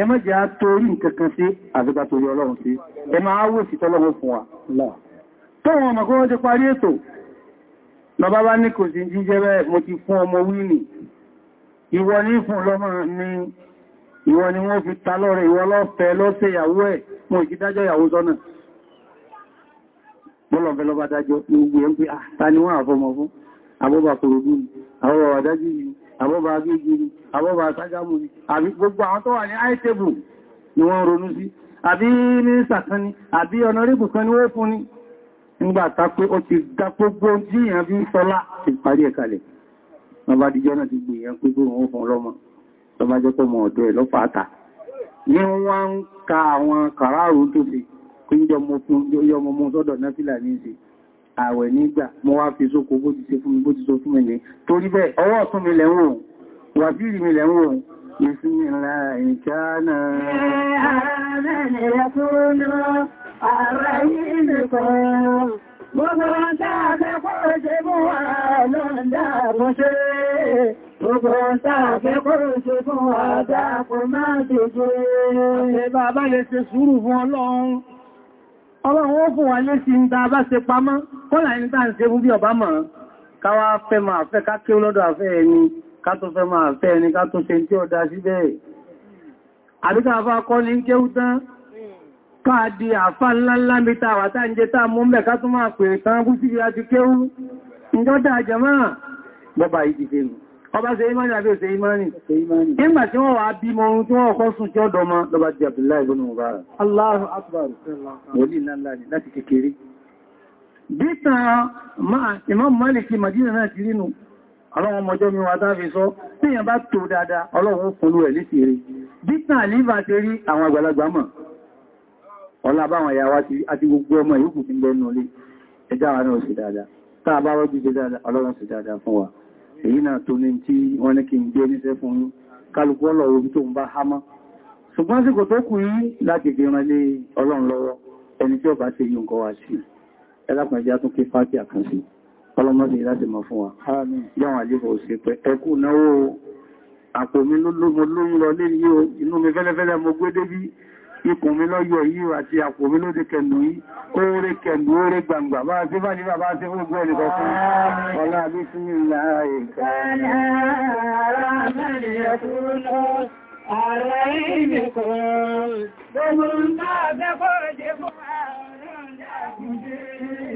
ẹ má jẹ́ àtórí nǹkankan sí àgbẹ́gbà torí ọlọ́run sí ẹ máa wò sí tọ́lọ́run fún wa tó wọn ọmọ kọ́wọ́n ti parí ètò lọba bá ní kò sí jíjẹ́ bẹ́ẹ̀ mo ti fún ọmọ wíìnì ìwọ ní fún lọ́mọ ni ìwọ ni wọ́n fi ta lọ́rẹ̀ ìwọ lọ́fẹ́ lọ́sẹ̀ ìyàwó ẹ̀ mo ìkí dájọ́ ìyàwó sọ́nà bọ́lọ̀fẹ́ lọ́ba dájọ́ ní gbogbo ẹ̀ ń pé àtàníwọ̀n ah, àfọmọ àbọ́bà ságámù àbí gbogbo àwọn tó wà ní àìtẹ́bù ni wọ́n ronú sí àbí mínísà kan ni àbí ọ̀nàrìbù kan ni wọ́n fún ní nígbàtà pé ó ti dá gbogbo tí èèyàn fi ń sọlá ti parí ẹ̀ kalẹ̀ wọ́n bá dijọ́ náà ti gbé èèyàn pé gbóhùn ó fún lọ́mọ tó bá jẹ́ pọ̀ mọ̀ ọ̀dọ́ ẹ̀ lọ́fàátà ní wọ́n ń ka àwọn kàráàrù tó fi kí yọ mọ́ mọ́ sọ́dọ̀ náà fìlà ní ìsìn àwẹ̀ nígbà mo wá fi sóko bó ti ṣe fún mi bó ti sọ fún mi ní torí bẹ́ẹ̀ ọwọ́ ọ̀tún mi lẹ́wọ̀n wàbílì mi lẹ́wọ̀n ìsinmi ìkánà Gbogbo ọ̀tá àfẹ́kọ́ ṣe fún wa lọ́ndà mọ́ ṣe, gbogbo ọ̀tá àfẹ́kọ́ ṣe fún wa dákùn máa ṣe Ọlọ́run? ó fún wa lé sí ń da bá ṣe pamọ́, kọ́lá ẹni tá ń ṣe fún bí ọba mọ̀, káwàá fẹ́ máa fẹ́ ká kí àfẹ́ ẹni ká tó fẹ́ máa fẹ́ ẹni ká tó ṣe tí ó dá síbẹ̀ àbíká afá kọ́ ní kéhù tán káàdì àfá ńláńlá mítà wà tá ń jẹ tá mú mẹ́ ká tó máa pè tán bú sí ìrájú kéhù ìjọ́dá àjẹmọ́ bọ́bá yìí ti ṣe nù ọba ṣe imani àbí òṣè imani nígbà tí wọ́n wà bí mọ ohun tí wọ́n kọ́ Madina náà ti rínú ọlọ́run mọjọ́ ni wọ́n dáfi sọ tí èyàn bá tó dáadáa ọlọ́run fúnlú ẹ̀ lítì rí dítà lífà ti rí àwọn àgbàlagbà mọ̀ ọlá báwọn ìyá wa àti gbogbo ọmọ ìyókù ti gbẹ́ nù ẹjá wa náà sí dáadáa tá a bá rọ́jú sí dáadáa ọlọ́run sí dáadáa fún wa èyí náà tó ní tí wọ́n ní kí n gbé níṣẹ́ fún yín kálukú ọlọ́run tó ń bá hámọ́ ṣùgbọ́n sí kò tó kù yín láti fi ran lé ọlọ́run lọ́wọ́ ẹni ọlọ́mọdé láti mọ̀ fún wa yáwọn àlébò sí pẹ́ ẹkù náwó àpò mi lóòmù lọ lé yí o inú mi fẹ́lẹ́fẹ́lẹ́ mo gbé débí ikùn mi lọ́yọ̀ yí àti àpò mi lóde kẹ̀lú yí oore kẹ̀lú oore gbangba bá sí bá ní bàbá sí fún gbẹ́ nìkan fún Gbogbo ń bá bẹ́kọ̀ọ́ jẹ́ fún àwọn ọ̀rọ̀ ìjà